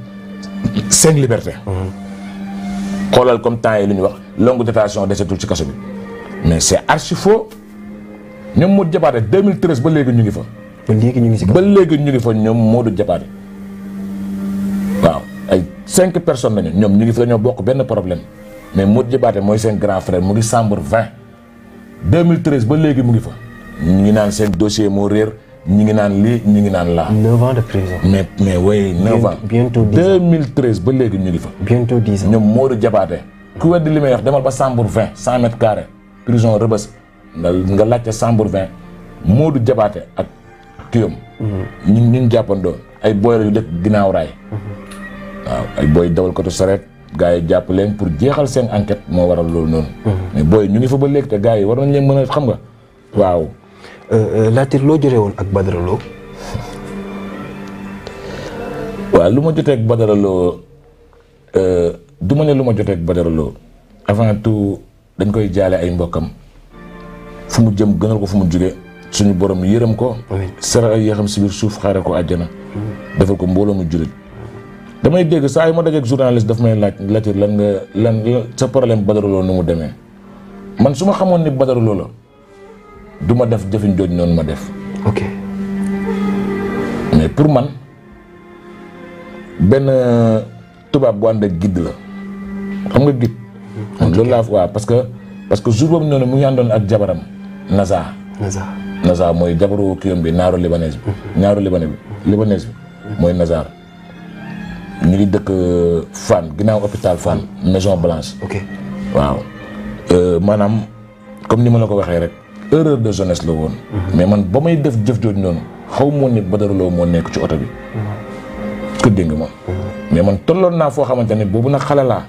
seen liberté. Mhm. xoolal comme temps yi lu ñu wax longue détention desetul ci kaso bi mais c' est archi faux ñoom Modou Diabaté 2013 ba léegi ñu ngi fa. ba léegi ñu ngi si ba léegi ñu ngi fa ñoom Modou Diabaté waaw ay cinq personnes lañu ñoom ñu ngi fa dañoo bokk benn problème mais Modou Diabaté mooy seen grand frère mu ngi chambre 20 2013 ba léegi mu ngi fa. ñu ngi naan seen dossier moo réer ñu ngi naan li ñu ngi naan laa. 9 ans de prison. mais mais oui 9 ans. bientôt 10 ans ba léegi ñu ngi fa. bientôt 10 ñoom moo Diabaté. ku weddi li may wax demal ba Sambour 20 100 mètres carrés prison Rebeuss nga nga laajte Sambour moo du jabaate ak kiyom mhm. ñu ñu ngi jàppandoo ay booy la yu dëkk ginnaaw raay. Mhm. waaw ay booy dawal ko sareet gaa yi jàpp leen pour jeexal seen enquête moo waral loolu noonu. Mhm. mais booy ñu ngi fa ba léegi te gars yi war nañ leen xam nga waaw. Euh, euh, Latir loo jotee woon ak badaraloo Lo. waaw lu ma jotee ak Badara euh, du ma ne lu ma jotee ak Badara Lo avant tout dañ koy jaale ay mbokkam fu mu jëm gënal ko fu mu jógee suñu borom yërëm ko. sara ay yéexam si biir suuf xaare ko àjjana. defal ko mbooloo mu jullit. damay dégg saa ma dajeeg journaliste daf may laaj Latir lan nga lan sa problème Badara Lo nu mu demee man su ma xamoon ni Badara la. duma def jëfiñ jooju noonu ma def. ok mais pour man benn euh, tubaab bu ànd ak gidd la xam nga guide. man loolu laa waaw parce que parce que jour boobu noonu mu ngi àndoon ak jabaram Naza. Naza Naza mooy jabaru kiyom bi naaru libanais bi. Mhm. naaru libanais bi mhm. libanais mooy Nazar. ñu ngi dëkk euh, fan ginnaaw hôpital Fann maison Blanche. ok waaw euh, maanaam comme ni ma la ko waxee rek. erreur de jeunesse la woon. Mhm. mais man ba may def jëf jooju noonu xaw moo woon ne Badara Lo moo nekk ci oto bi. Mhm. ko dégg ma. Mhm. mais man tolloon naa foo xamante ne boobu nag xalelaa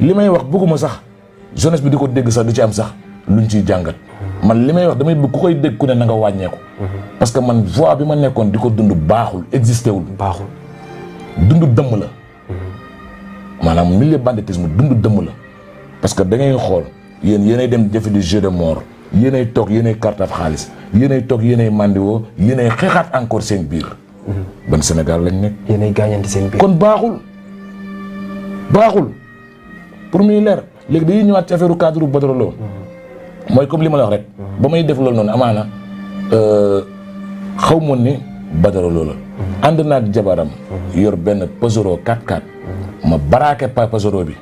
li may wax bëgguma sax jeunesse bi di ko dégg sax di ci am sax luñ ciy jàngat. man li may wax damay bëgg ku koy dégg ku ne na nga wàññeeku. parce que man voix bi ma nekkoon di ko dund baaxul existé wul. baaxul dund dëmm la. maanaam milieu banditisme dund dëmm la. parce que da ngay xool yéen yéenay dem jëfe di jeu de yéenay toog yéenay kartab xaalis yéenay toog yéenay mandiwoo yéenay xeexaat encore seen biir. Mhm. ban Sénégal lañ nekk. yéenay gaañante seen biir. kon baaxul baaxul pour muy leer léegi dañuy ñëwaat ci affaire cadre mhm. mooy comme li ma la wax rek. Mhm. ba may def loolu noonu amaana euh, xaw ma ni Badara la. ànd naag jabaram. yor benn Pajero 4x4. ma baraake pa Pajero bi.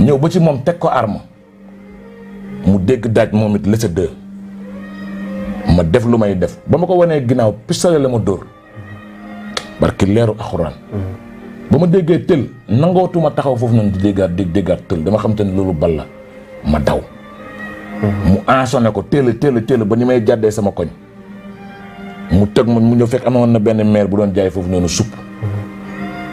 ñëw ba ci moom teg ko arme. mu dégg daaj moom it lesa deux ma def lu may def ba ma ko wanee ginnaaw pistolet la ma dóor barki leeru axuraan ba ma déggee tël nangootuma taxaw foofu noonu di déggaat di déggaat tël dama xam te ne loolu bal la ma daw mu ansonné ko téela téela téela ba ni may jàddee sama koñ mu teg ma mu ñëw fekk amoon na benn maire bu doon jaay foofu noonu supp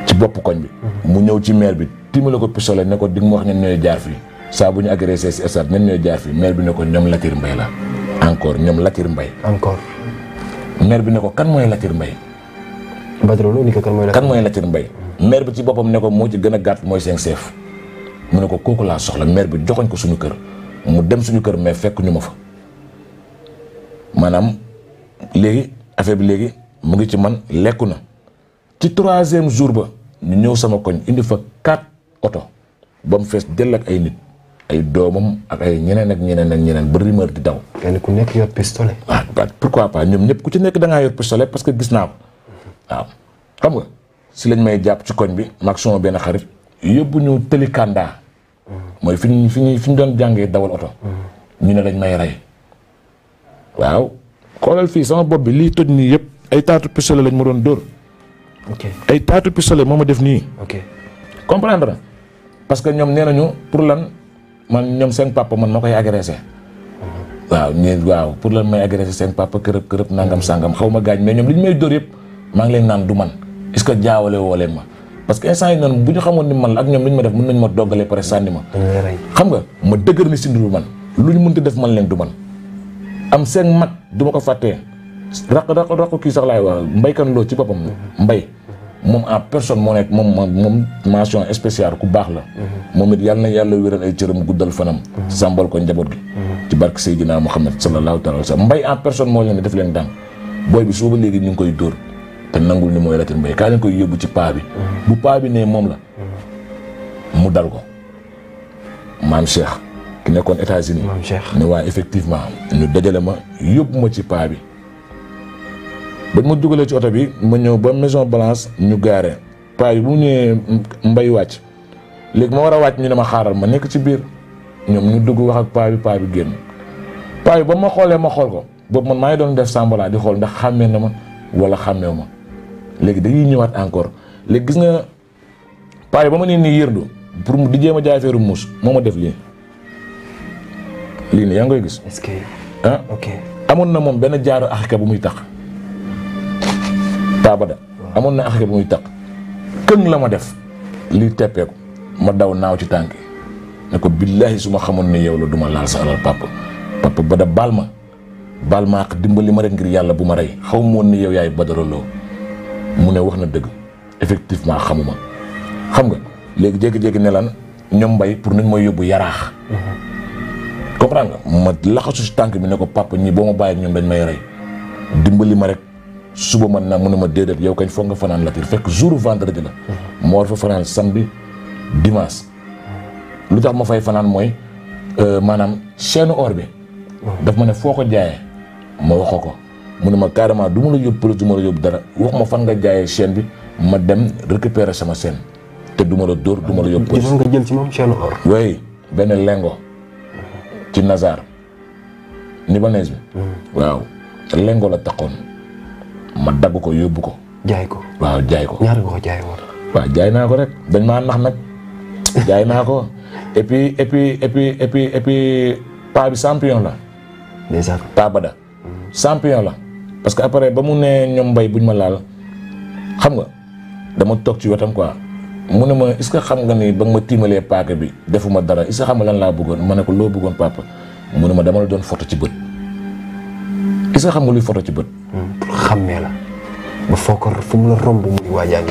ci bopp koñ bi mu ñëw ci maire bi la ko pistolet ne ko di mu wax ne ñooy jaar fii saa bu ñu agressé si stade ñan ñooy jaar fi maire bi ne ko ñoom Latir Mbaye la encore ñoom Latir mbay encore maire bi ne ko kan mooy Latir Mbaye Badara Lo ni ko kan mooy kan mooy Latir Mbaye maire bi ci boppam ne ko moo ci gën a gàtt mooy cinq chef mu ne ko kooku laa soxla maire bi joxoñ ko suñu kër mu dem suñu kër mais fekk ñu ma fa maanaam léegi affaire bi léegi mu ngi ci man lekku na ci troisième jour ba ñu ñëw sama koñ indi fa quatre oto ba mu fees dell ak ay nit ay doomam ak ay ñeneen ak ñeneen ak ñeneen ba rumeur di daw. kenn ku nekk yor pistolet. Ah, waaw xam nga si lañ may jàpp ci koñ bi maag benn xarit yóbbu ñu tëli kàndaa mooy fi ñu fi ñu fi ñu doon jàngee dawal ñu ne dañ may rey. waaw xoolal fii sama bopp bi lii toj nii yëpp ay taatu pistolet lañ ma doon dóor. ok ay taatu pistolet def nii. ok parce que ñoom nee nañu pour lan. man ñoom seen papa man ma koy agressé. waaw ñun waaw pour lan may agressé seen papa kërëb kërëb nangam sangam xaw ma gaañ mais ñoom li ñu may dóor yëpp maa ngi leen naan du man est ce que jaawale woo leen ma. parce que instant yi bu ñu xamoon ni man la ñoom lu ñu ma def mën nañ ma doggalee pare sànni xam nga ma dëgër ni si du man lu ñu mënta def man leen du man am seen mag du ma ko fàttee raq raq raq kii sax laay wax mbéykan loo ci boppam mbay moom en personne moo nekk moom moom mention spéciale ku baax la. Mhm. moom it yàlla na yàlla wéral ay cëram guddal fanam. Mhm. sàmbal ko njaboot gi. Mhm. ci barke Seydina Muhammad sallallahu taala wa sallam mbay en personne moo leen ne def leen daan booy bi suba léegi ñu ngi koy dóor te nangul ni mooy Latir Mbaye kaa leen koy yóbbu ci paa bi. bu paa bi nee moom la. mu dal ko maam Cheikh ki nekkoon États-Unis. maam Cheikh waa effectivement ñu dajale ma yóbbu ma ci paa bi. ba ma dugalee ci oto bi ma ñëw ba maison balance ñu gaare paa yi bu mu ñëwee mbay wàcc léegi ma war a wàcc ñu ne ma xaaral ma nekk ci biir ñoom ñu dugg wax ak paa bi paa bi génn paa bi ba ma xoolee ma xool ko boobu man maa ngi doon def sàmbalaa di xool ndax xàmmee na ma wala xàmmeewu ma léegi dañuy ñëwaat encore léegi gis nga paa yi ba ma nee nii yërndu pour mu di jéem a jaay feeru muus moo ma def lii lii ne yaa ngi koy gis. est ah ok amoon na moom benn jaaru axika bu muy tax. taabada amoon na axir muy taq këng la ma def lii teppeeku ma daw naaw ci tànk ne ko billaahi su ma xamoon ne yow la du ma laal sa alal ba da baal ma baal ma dimbali ma rek ngir yàlla bu ma rey xaw ma woon ne yow yaay badaraloo mu ne wax na dëgg effectivement xamuma xam nga léegi jékki-jékki ne lan ñoom mbay pour nañ ma yóbbu yaraax comprendre nga ma laxasu si tànk bi ne ko papa ñii boo ma bàyyi ñoom dañ may rey dimbali ma rek suba man naa mu ne ma déedéet yow kañ foog nga fanaan Latir fekk jour vendredi la. moo war fa fanaan samedi dimanche. lu tax ma fay fanaan mooy euh, maanaam chaîne or bi. daf ma ne foo ko jaayee ma wax ko ko mu ne ma carrément du ma la yóbbu police du ma la yóbbu dara wax ma fan nga jaayee chaîne bi ma dem récupérer sama chaîne te du ma la dóor du ma la yóbbu police nga jël ci moom chaîne or. oui benn lengo ci Nazar ni ba bi. Mm. waaw lengo la taxoon. ma dagg ko yóbbu ko. jaay ko waaw jaay ko. ñaar jaay waaw jaay naa ko rek dañ maa nax nag jaay naa ko et puis et puis et paa bi champion la. déjà paa Bada. champion la parce que après ba mu nee ñoom mbay buñ ma laal xam nga dama toog ci wetam quoi. mu ne ma est-ce que xam nga ni ba nga ma tiimalee paaka bi defuma dara est que xam nga lan laa bëggoon ma ne ko loo bëggoon papa mu ne ma dama la doon photo ci bët est que xam nga luy photo ci bët. Hmm. xàmmee la ba fookar fu mu la romb mu di waajaa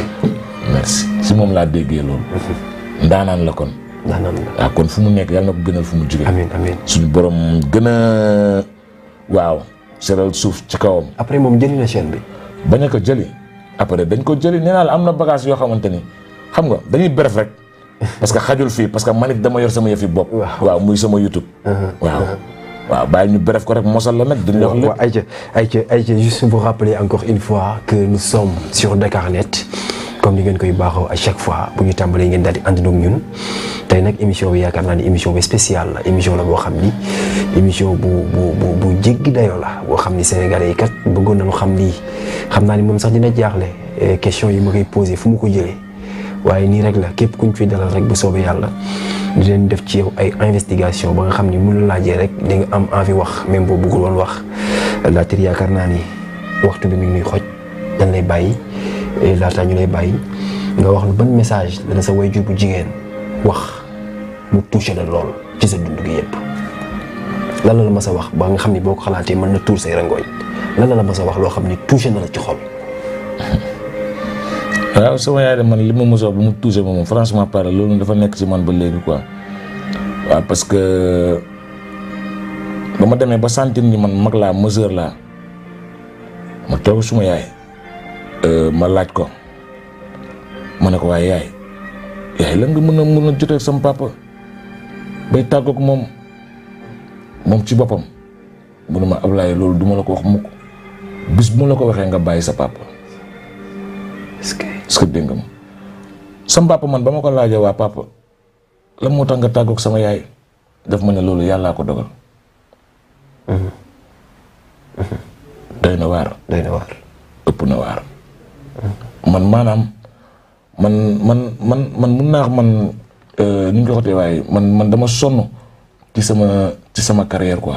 merci si moom laa déggee loolu mhm. ndaanaan la kon ndaanaan waaw ah, kon fu mu nekk yàlla na ko gënal fu mu jógee amiin suñu borom gën a waaw seral suuf ci kawam après moom jëli na chaîne bi bañ ko jëli après dañ ko jëli nee naa la am na bagage yoo xamante ni xam nga dañuy bref rek *laughs* parce que xajul fii parce que man it dama yor sama yëfi bopp waaw muy sama YouTube uh-huh. waaw uh-huh. waaw bàyyi ñu bref ko rek mosal la nag. duñ la wax lépp waaw ayca une fois que nous sommes sur Dakarnet comme ni ngeen koy baaxoo à chaque fois bu ñu tàmbalee ngeen daal di àndandoo tey nag émission bi yaakaar naa ni émission bi spéciale la boo xam ni émission bu bu bu bu jéggi dayoo la boo xam ni Sénégalais yi kat bëggoon nañu xam lii xam naa ni moom sax dina jaaxle eh, question yi ma koy posé fu mu ko jëlee. waaye nii rek la képp kuñ fiy dalal rek bu soobee yàlla di leen def ci yow ay investigation ba nga xam ni mun la laajee rek di am am fi wax même boo bëggul woon wax laatir yaakaar naa ni waxtu bi mi ngi xoj dañ lay bàyyi laataa ñu lay bàyyi nga wax lu ban message dana sa wayjur bu jigéen wax mu touché la lool ci sa dund gi yëpp lan la la a wax ba nga xam ni boo ko xalaatee mën na tuur say rangooñ lan la la mas a wax loo xam ni touché na la ci xol waaw sama yaay de man li ma mosoo bu mu touché ma moom franchement parle loolu dafa nekk ci man ba léegi quoi waaw parce que ba ma demee ba sentir ni man mag laa mesure laa ma toog suma yaay euh, ma laaj ko ma ne ko waaye yaay yaay lan nga mën a mën a jotee sama papa bay tàggoog moom moom ci boppam mu ne ma Ablaye loolu duma la ko wax mukk bis bu ma la ko waxee nga bàyyi sa papa est-ce que dégg man ba ma ko laajee waa papa lan moo tax nga tàggoog sama yaay daf ma ne loolu yàllaa ko dogal. Mhm. doy na waar. doy na waar. ëpp na waar. Mhm. man maanaam man man man man mun naa man euh, ni ñu ko waxatee waaye man man dama sonn ci sama ci sama carrière quoi.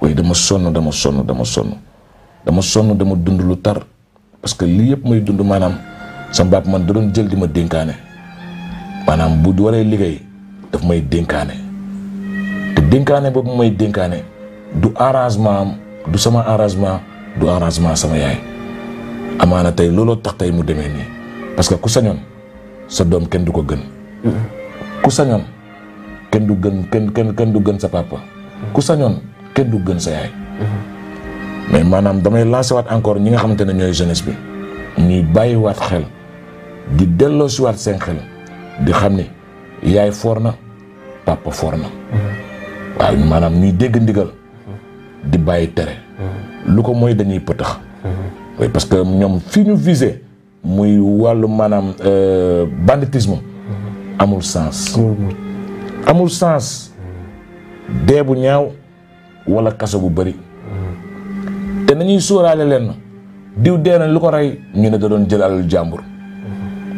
waaye mhm. dama sonn dama sonn dama sonn dama sonn dama dund lu tar. parce que lii yëpp may dund maanaam sa baab man da doon jël di ma dénkaane maanaam bu waree liggéey daf may dénkaane te dénkaane boobu may dénkaane du arrangement am du sama arrangement du arrangement sama yaay amaana tey looloo tax tey mu deme nii parce que ku sañoon sa doom kenn du ko gën. ku sañoon kenn du gën kenn kenn kenn du gën sa papa. ku sañoon kenn du gën sa yaay. mais maanaam damay lancer waat encore ñi nga xamante ne ñooy jeunesse bi ñuy bàyyiwaat xel di delloosiwaat seen xel di xam ni yaay foor na papa foor na waaw maanaam ñuy dégg ndigal di bàyyi tere lu ko moy dañuy pëtax oui parce que ñoom fi ñu visé muy wàllu maanaam euh, banditisme amul sens amul sens dee bu ñaaw wala kaso bu bëri nañuy sóoraale leen diw dee nañ lu ko rey ñu ne da doon jël alalu jàmbur.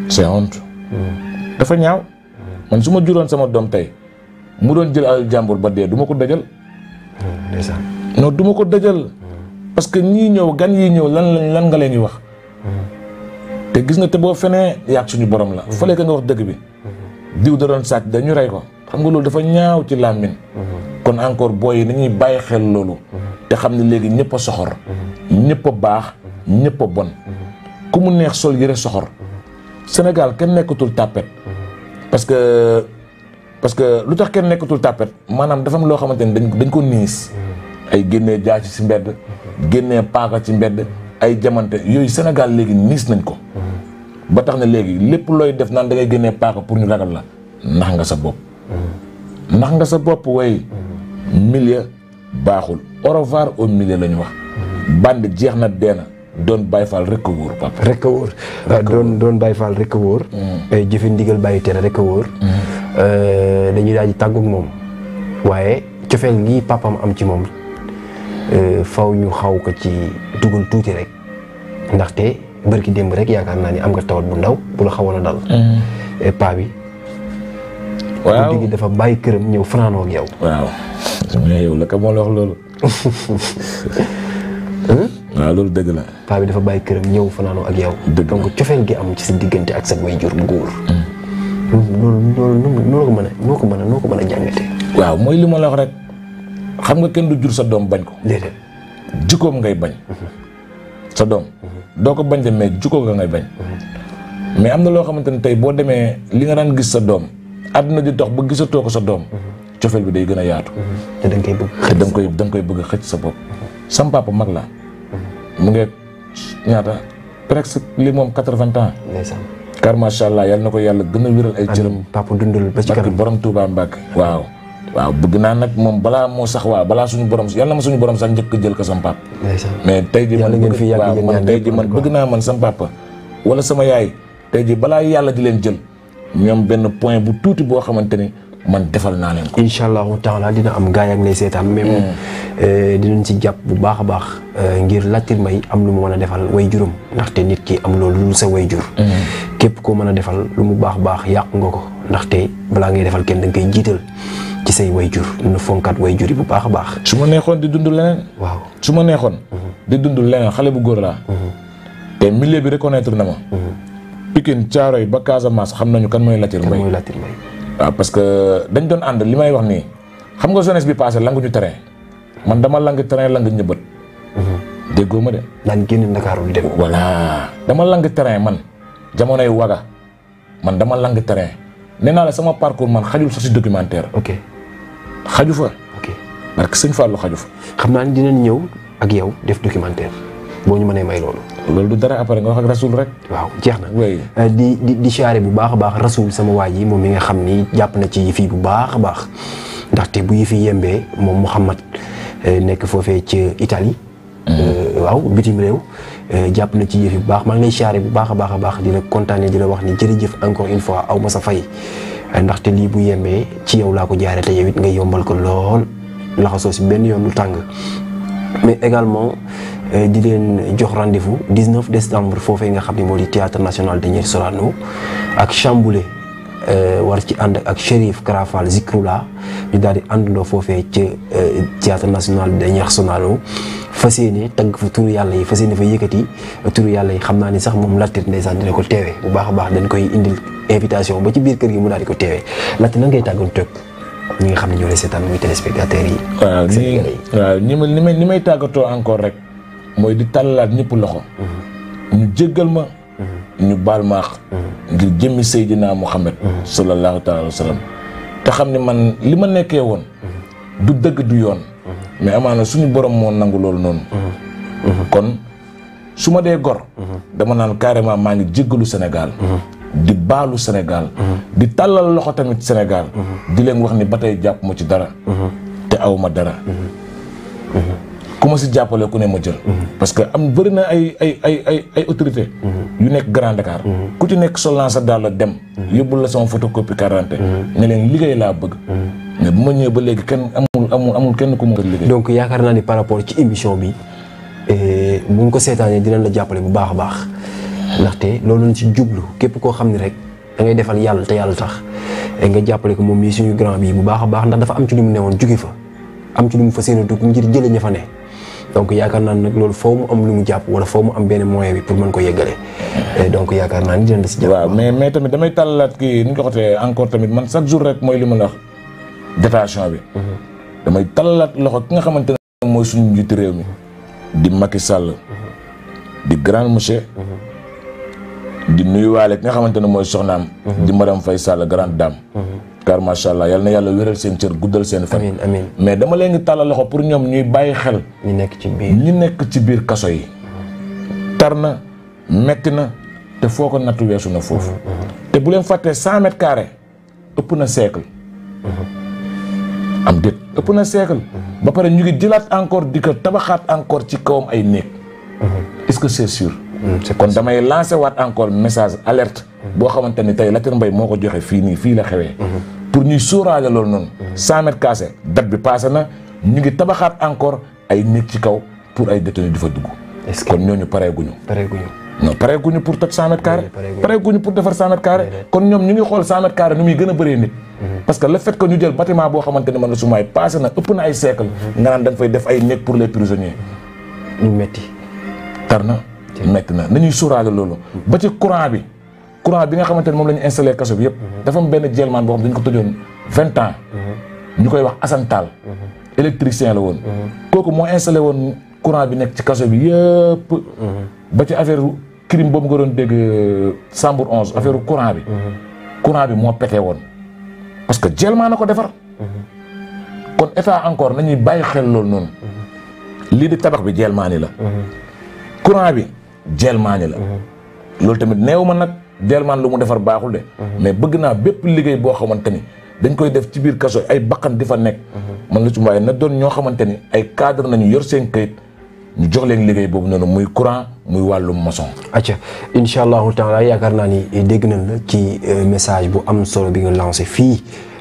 c'est honte. dafa ñaaw. man su ma juróon sama doom tey mu doon jël alalu jàmbur ba dee duma ko dajal. ndeysaan non du ko dajal. parce que ñii ñëw gan yii ñëw lan lañ lan nga leen di wax. te gis nga te boo fenee yàq suñu borom la. fële ka nga wax dëgg bi. diw da doon sàcc dañu rey ko xam nga loolu dafa ñaaw ci làmmiñ. kon encore booy yi nañuy bàyyi xel loolu te xam ne léegi ñëpp a soxor ñëpp a baax ñëpp a bon ku mu neex sol yëre soxor Sénégal kenn nekkatul tàppet parce que parce que lu tax kenn nekkatul tàppet maanaam dafa am loo xamante ni dañ dañ ko niis ay génne jaaci ci mbedd génne paaka ci mbedd ay jamante yooyu Sénégal léegi niis nañ ko ba tax na léegi lépp looy def naan da génne génnee paaka pour ñu ragal la nax nga sa bopp nax nga sa bopp way milieu baaxul au revoir au milieu wax band jeex na dee na doon Baye Fall rek a wóor rek a wóor doon doon Baye Fall rek a wóor. Mm. Eh, jëfe ndigal bàyyi tere rek a mm-hmm. eh, dañuy daal di moom waaye cofeel gi papam am ci moom eh, faw ñu xaw ko ci dugal tuuti rek ndaxte bërki démb rek yaakaar naa ni am nga tawat bu ndaw bu la xawoon a dal. Mm-hmm. paa waaw guddi gi dafa bàyyi këram ñëw fanaanoo yow. waaw yow la ka moo *laughs* loolu. dëgg la. paa bi dafa bàyyi këram ñëw fanaanoo ak yow. dëgg donc gi am ci sa diggante ak sa waajur hmm. ko mën a noo a a waaw mooy li ma la wax rek xam nga kenn du jur sa doom bañ ko. déedéet jikkoom ngay bañ. Mm-hmm. sa doom mm-hmm. doo ko bañ de mais jikko nga ngay bañ. Mm-hmm. mais am na loo xamante ne tey boo demee li nga daan gis sa doom. àdduna di dox ba gisatoo ko sa doom cofeel bi day gën a yaatu te da nga koy bëgg koy bëgg a xëcc sa bopp sam papa mag la mu ngi ñaata presque li moom quatre-vingts ans car macha allah yal na ko yàlla gën a wéral ay cëram papa dundal ba borom Touba Mbacke waaw waaw bëgg naa nag moom balaa moo sax waa balaa suñu borom yàlla ma suñu borom sax njëkk jël ko sam pap mais tey ji man waaw man tey ji bëgg naa man sam papa wala sama yaay tey ji balaa yàlla di leen jël ñoom benn point bu tuuti boo xamante ni man defal naa leen ko. incha allahu taala dina am gaa yi ak lay seetaan. même mm. euh, dinañ ci jàpp bu baax a baax euh, ngir Latir Mbaye am lu mu mën a defal way juróom ndaxte nit ki am loolu lu sa way jur. Mm. képp koo mën a defal lu mu baax baax yàqu nga ko ndaxte balaa ngay defal kenn da koy jiital. ci say wayjur na fonkat wayjur yi bu baax a baax. su ma neexoon di dundu leneen. waaw su ma neexoon. Mm-hmm. di dund leneen xale bu góor laa. Mm-hmm. te milieu bi reconnaître na ma. Mm-hmm. Pikine yi ba Casamance xam nañu kan mooy Latir Mbaye mooy waaw ah, parce que dañ doon ànd li may wax nii xam nga jeunesse bi passé languñu terrain man dama lang terrain lang ñëbët mhm. déggoo ma de daan génn Ndakaaru di dem voilà dama lang terrain man jamonoy waga man dama lang terrain nee naa la sama parcours man xajul sax si documentaire ok xaju fa ok parce que sëñ Fallou xaju fa xam naa ni dinañ ñëw ak yow def documentaire boo ñu mënee may loolu loolu du dara après nga wax ak rasul rek. waaw jeex na euh, di di di siyaare bu baax a baax rasul sama waa ji moom mi nga xam ni jàpp na ci yëf yi bu baax a baax ndaxte bu yëf yi yembee moom Mouhamad euh, nekk foofee ci Italie. Mm. Euh, waaw bitim réew. jàpp na ci yëf yi bu baax man ngay lay bu baax a baax a baax di la kontaanee di wax ni jërëjëf encore une fois aw ma sa fay ndaxte lii bu yembee ci yow laa ko jaaree te yow it nga yombal ko lool laxasoo si benn yoon lu tàng mais également. Euh, di leen jox rendez-vous 19 décembre foofee nga xam ne moo di théâtre national Daniel Sorano ak Chamboulé euh, war ci ànd ak Chérif Karafal Zikroula ñu daal di àndandoo foofee ca euh, théâtre national Daniel Sorano fas yéene tagg fa turu yàlla yi fas yéene fa yëkkati turu yàlla yi xam naa ni sax moom lattir ndeysaan dina ko teewee bu baax baax dañ koy indil invitation ba ci biir kër gi mu daal di ko teewee lattir lan ngay tàggoon toog ñi nga xam ne ñoo lay seetaan muy téléspectateurs yi. waaw ni waaw ni may tàggatoo encore rek. mooy di tàllalaat ñëpp loxo mm-hmm. ñu jëggal ma mm-hmm. ñu baal maax mm-hmm. ngir jëmmi Seydina Muhammad sallallahu taala wa sallam te xam ne man li ma nekkee woon du dëgg du yoon mais amaana suñu borom moo nangu loolu noonu kon su ma dee gor dama naan carrément maa ngi jéggalu senegal di baalu Sénégal di tàllal loxo tamit senegal di leen wax ni ba tey jàpp ma ci dara te awma dara ma si jàppalee ku ne ma jël. Mhm. parce que am bëri na ay ay ay ay ay autorité mhm. yu nekk Grand Dakar. Mhm. ku ci nekk sol naa sa daal dem. yóbbul la sama photocopie quarante. ne leen liggéey laa bëgg. mais bu ma ñëwee ba léegi kenn amul amul amul kenn ku mu liggéey. donc yaakaar naa ni par rapport ci émission bi eh, bu ñu ko seetaanee dinañ la jàppale bu baax a baax ndaxte loolu lañ ci jublu képp koo xam ne rek da ngay defal yàlla te yàlla tax nga jàppale ko moom mii suñu grand bi bu baax a baax ndax dafa am ci lu mu woon jóge fa am ci lu mu fa seen dugg ngir jëlee ña fa ne. donc yaakaar naa nag loolu foo mu am lu mu jàpp wala foo mu am benn moyen bi pour mën ko yeggale donc yaakaar naa ni dinañ si jàpp waaw mais mais tamit damay tàllalaat kii ni ñu ko xotee encore tamit man chaque jour rek mooy li ma la mm-hmm. loxo ki nga xamante ne mooy suñu njiitu réew mi di Macky sàll mm-hmm. di grand monsieur mm-hmm. di nuyuwaale ki nga xamante ne mooy soxnaam di madame Faye sàll grande daam car macha allah yal na yàlla wéral seen cër guddal seen fan. amiin amiin mais dama leen di tàllal loxo pour ñoom ñuy bàyyi xel. ñi nekk ci biir ñi nekk ci biir kaso yi. tar na metti na te foo ko nattu weesu na foofu. Mm-hmm, mm-hmm. te bu leen fàttee cent mètres ëpp na siècle. Mm-hmm. am déet ëpp na siècle. ba pare ñu ngi jëlaat encore di ko tabaxaat encore ci kawam ay néeg. est-ce que c'est sûr. kon damay lancer waat encore message alerte. boo xamante ni tey Latir mbay moo ko joxe fii nii fii la xewee pour ñuy sóoraale loolu noonu cent mètres casé date bi passé na ñu ngi tabaxaat encore ay néeg ci kaw pour ay détenus di fa dugg est-ce que kon ñooñu pareeguñu pareeguñu non pareeguñu pour toj cent mètres carrés pareeguñu pour defar cent mètres carrés kon ñoom ñu ngi xool cent mètres carrés muy gën a bëree nit mhm. parce que le fait que ñu jël bâtiment boo xamante ni man la su maay passé na ëpp na ay siècle mhm. nga naan dañ fay def ay néeg pour les prisonniers ñu metti tar na metti na nañuy sóoraale loolu mhm. ba ci courant bi courant bi nga xamante ne moom la ñu installé kaso bi yëpp. Mhm. dafa am benn jelmaan boo xam dañu ko tëjoon vingt ans. Mhm. ñu koy wax asantaal. Mhm. électricien la woon. kooku moo installé woon courant bi nekk ci kaso bi yëpp. ba ci affaire crime boobu nga doon dégg euh, Sambour 11 affaire courant bi. courant bi moo pété woon parce que jelmaan na ko defar. kon état encore nañuy bàyyi xel loolu noonu. lii di tabax bi jelmaani la. courant bi jelmaani la. loolu tamit neew delmaan lu mu defar baaxul de mhm. mais bëgg naa bépp liggéey boo xamante ni dañ koy def ci biir kaso ay bakkan di fa nekk mhm. man la ci waaye na doon ñoo xamante ni ay cadre nañu yor seen këyit ñu jox leen liggéey boobu noonu muy courant muy wàllum maçon acca incha allahu taala yaakaar naa ni dégg nañ la ci euh, message bu am solo bi nga lancé fii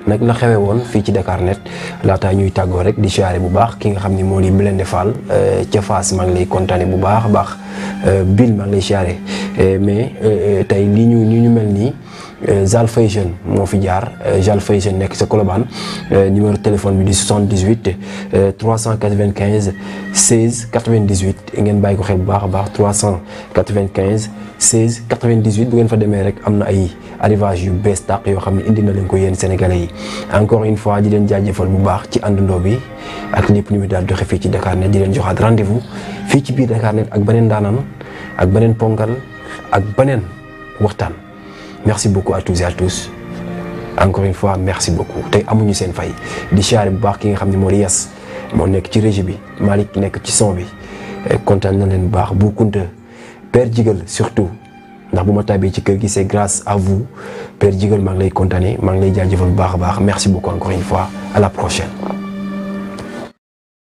nag la xewe woon fii ci Dakar Net laataa ñuy tàggoo rek di siyaare bu baax ki nga xam ni moo di Blindé Fall euh, ca Fass maa ngi lay kontaane bu baax a baax euh, Bill maa ngi lay siyaare euh, mais tey li ñu ñu mel nii Euh, Zal Fay Jeune moo fi jaar euh, Zal Fay Jeune nekk sa Colobane euh, numéro téléphone bi di 78 395 16 98 ngeen bàyyi ko xel bu baax a baax 395 16 98 bu ngeen fa demee rek am na ay arrivage yu bees tàq yoo xam ne indi na leen ko yéen sénégalais yi encore une fois di leen jaajëfal bu baax ci àndandoo bi ak lépp lu muy daal doxe fii ci Dakarnet di leen joxaat rendez-vous fii ci biir Dakarnet ak beneen daanaan ak beneen ponkal ak beneen waxtaan merci beaucoup à tous et tous encore une fois merci beaucoup tey amuñu seen fay di siyaare bu baax ki nga xam ne moo di moo nekk ci régie bi maa Malick nekk ci son bi eh, kontaan na leen bu baax bu kunta Père Jigal surtout ndax bu ma tàbbee ci kër gisee c'est grâce à vous Père Jigal maa ngi lay kontaane maa ngi lay jaajëfal bu baax a baax merci beaucoup encore une fois à la prochaine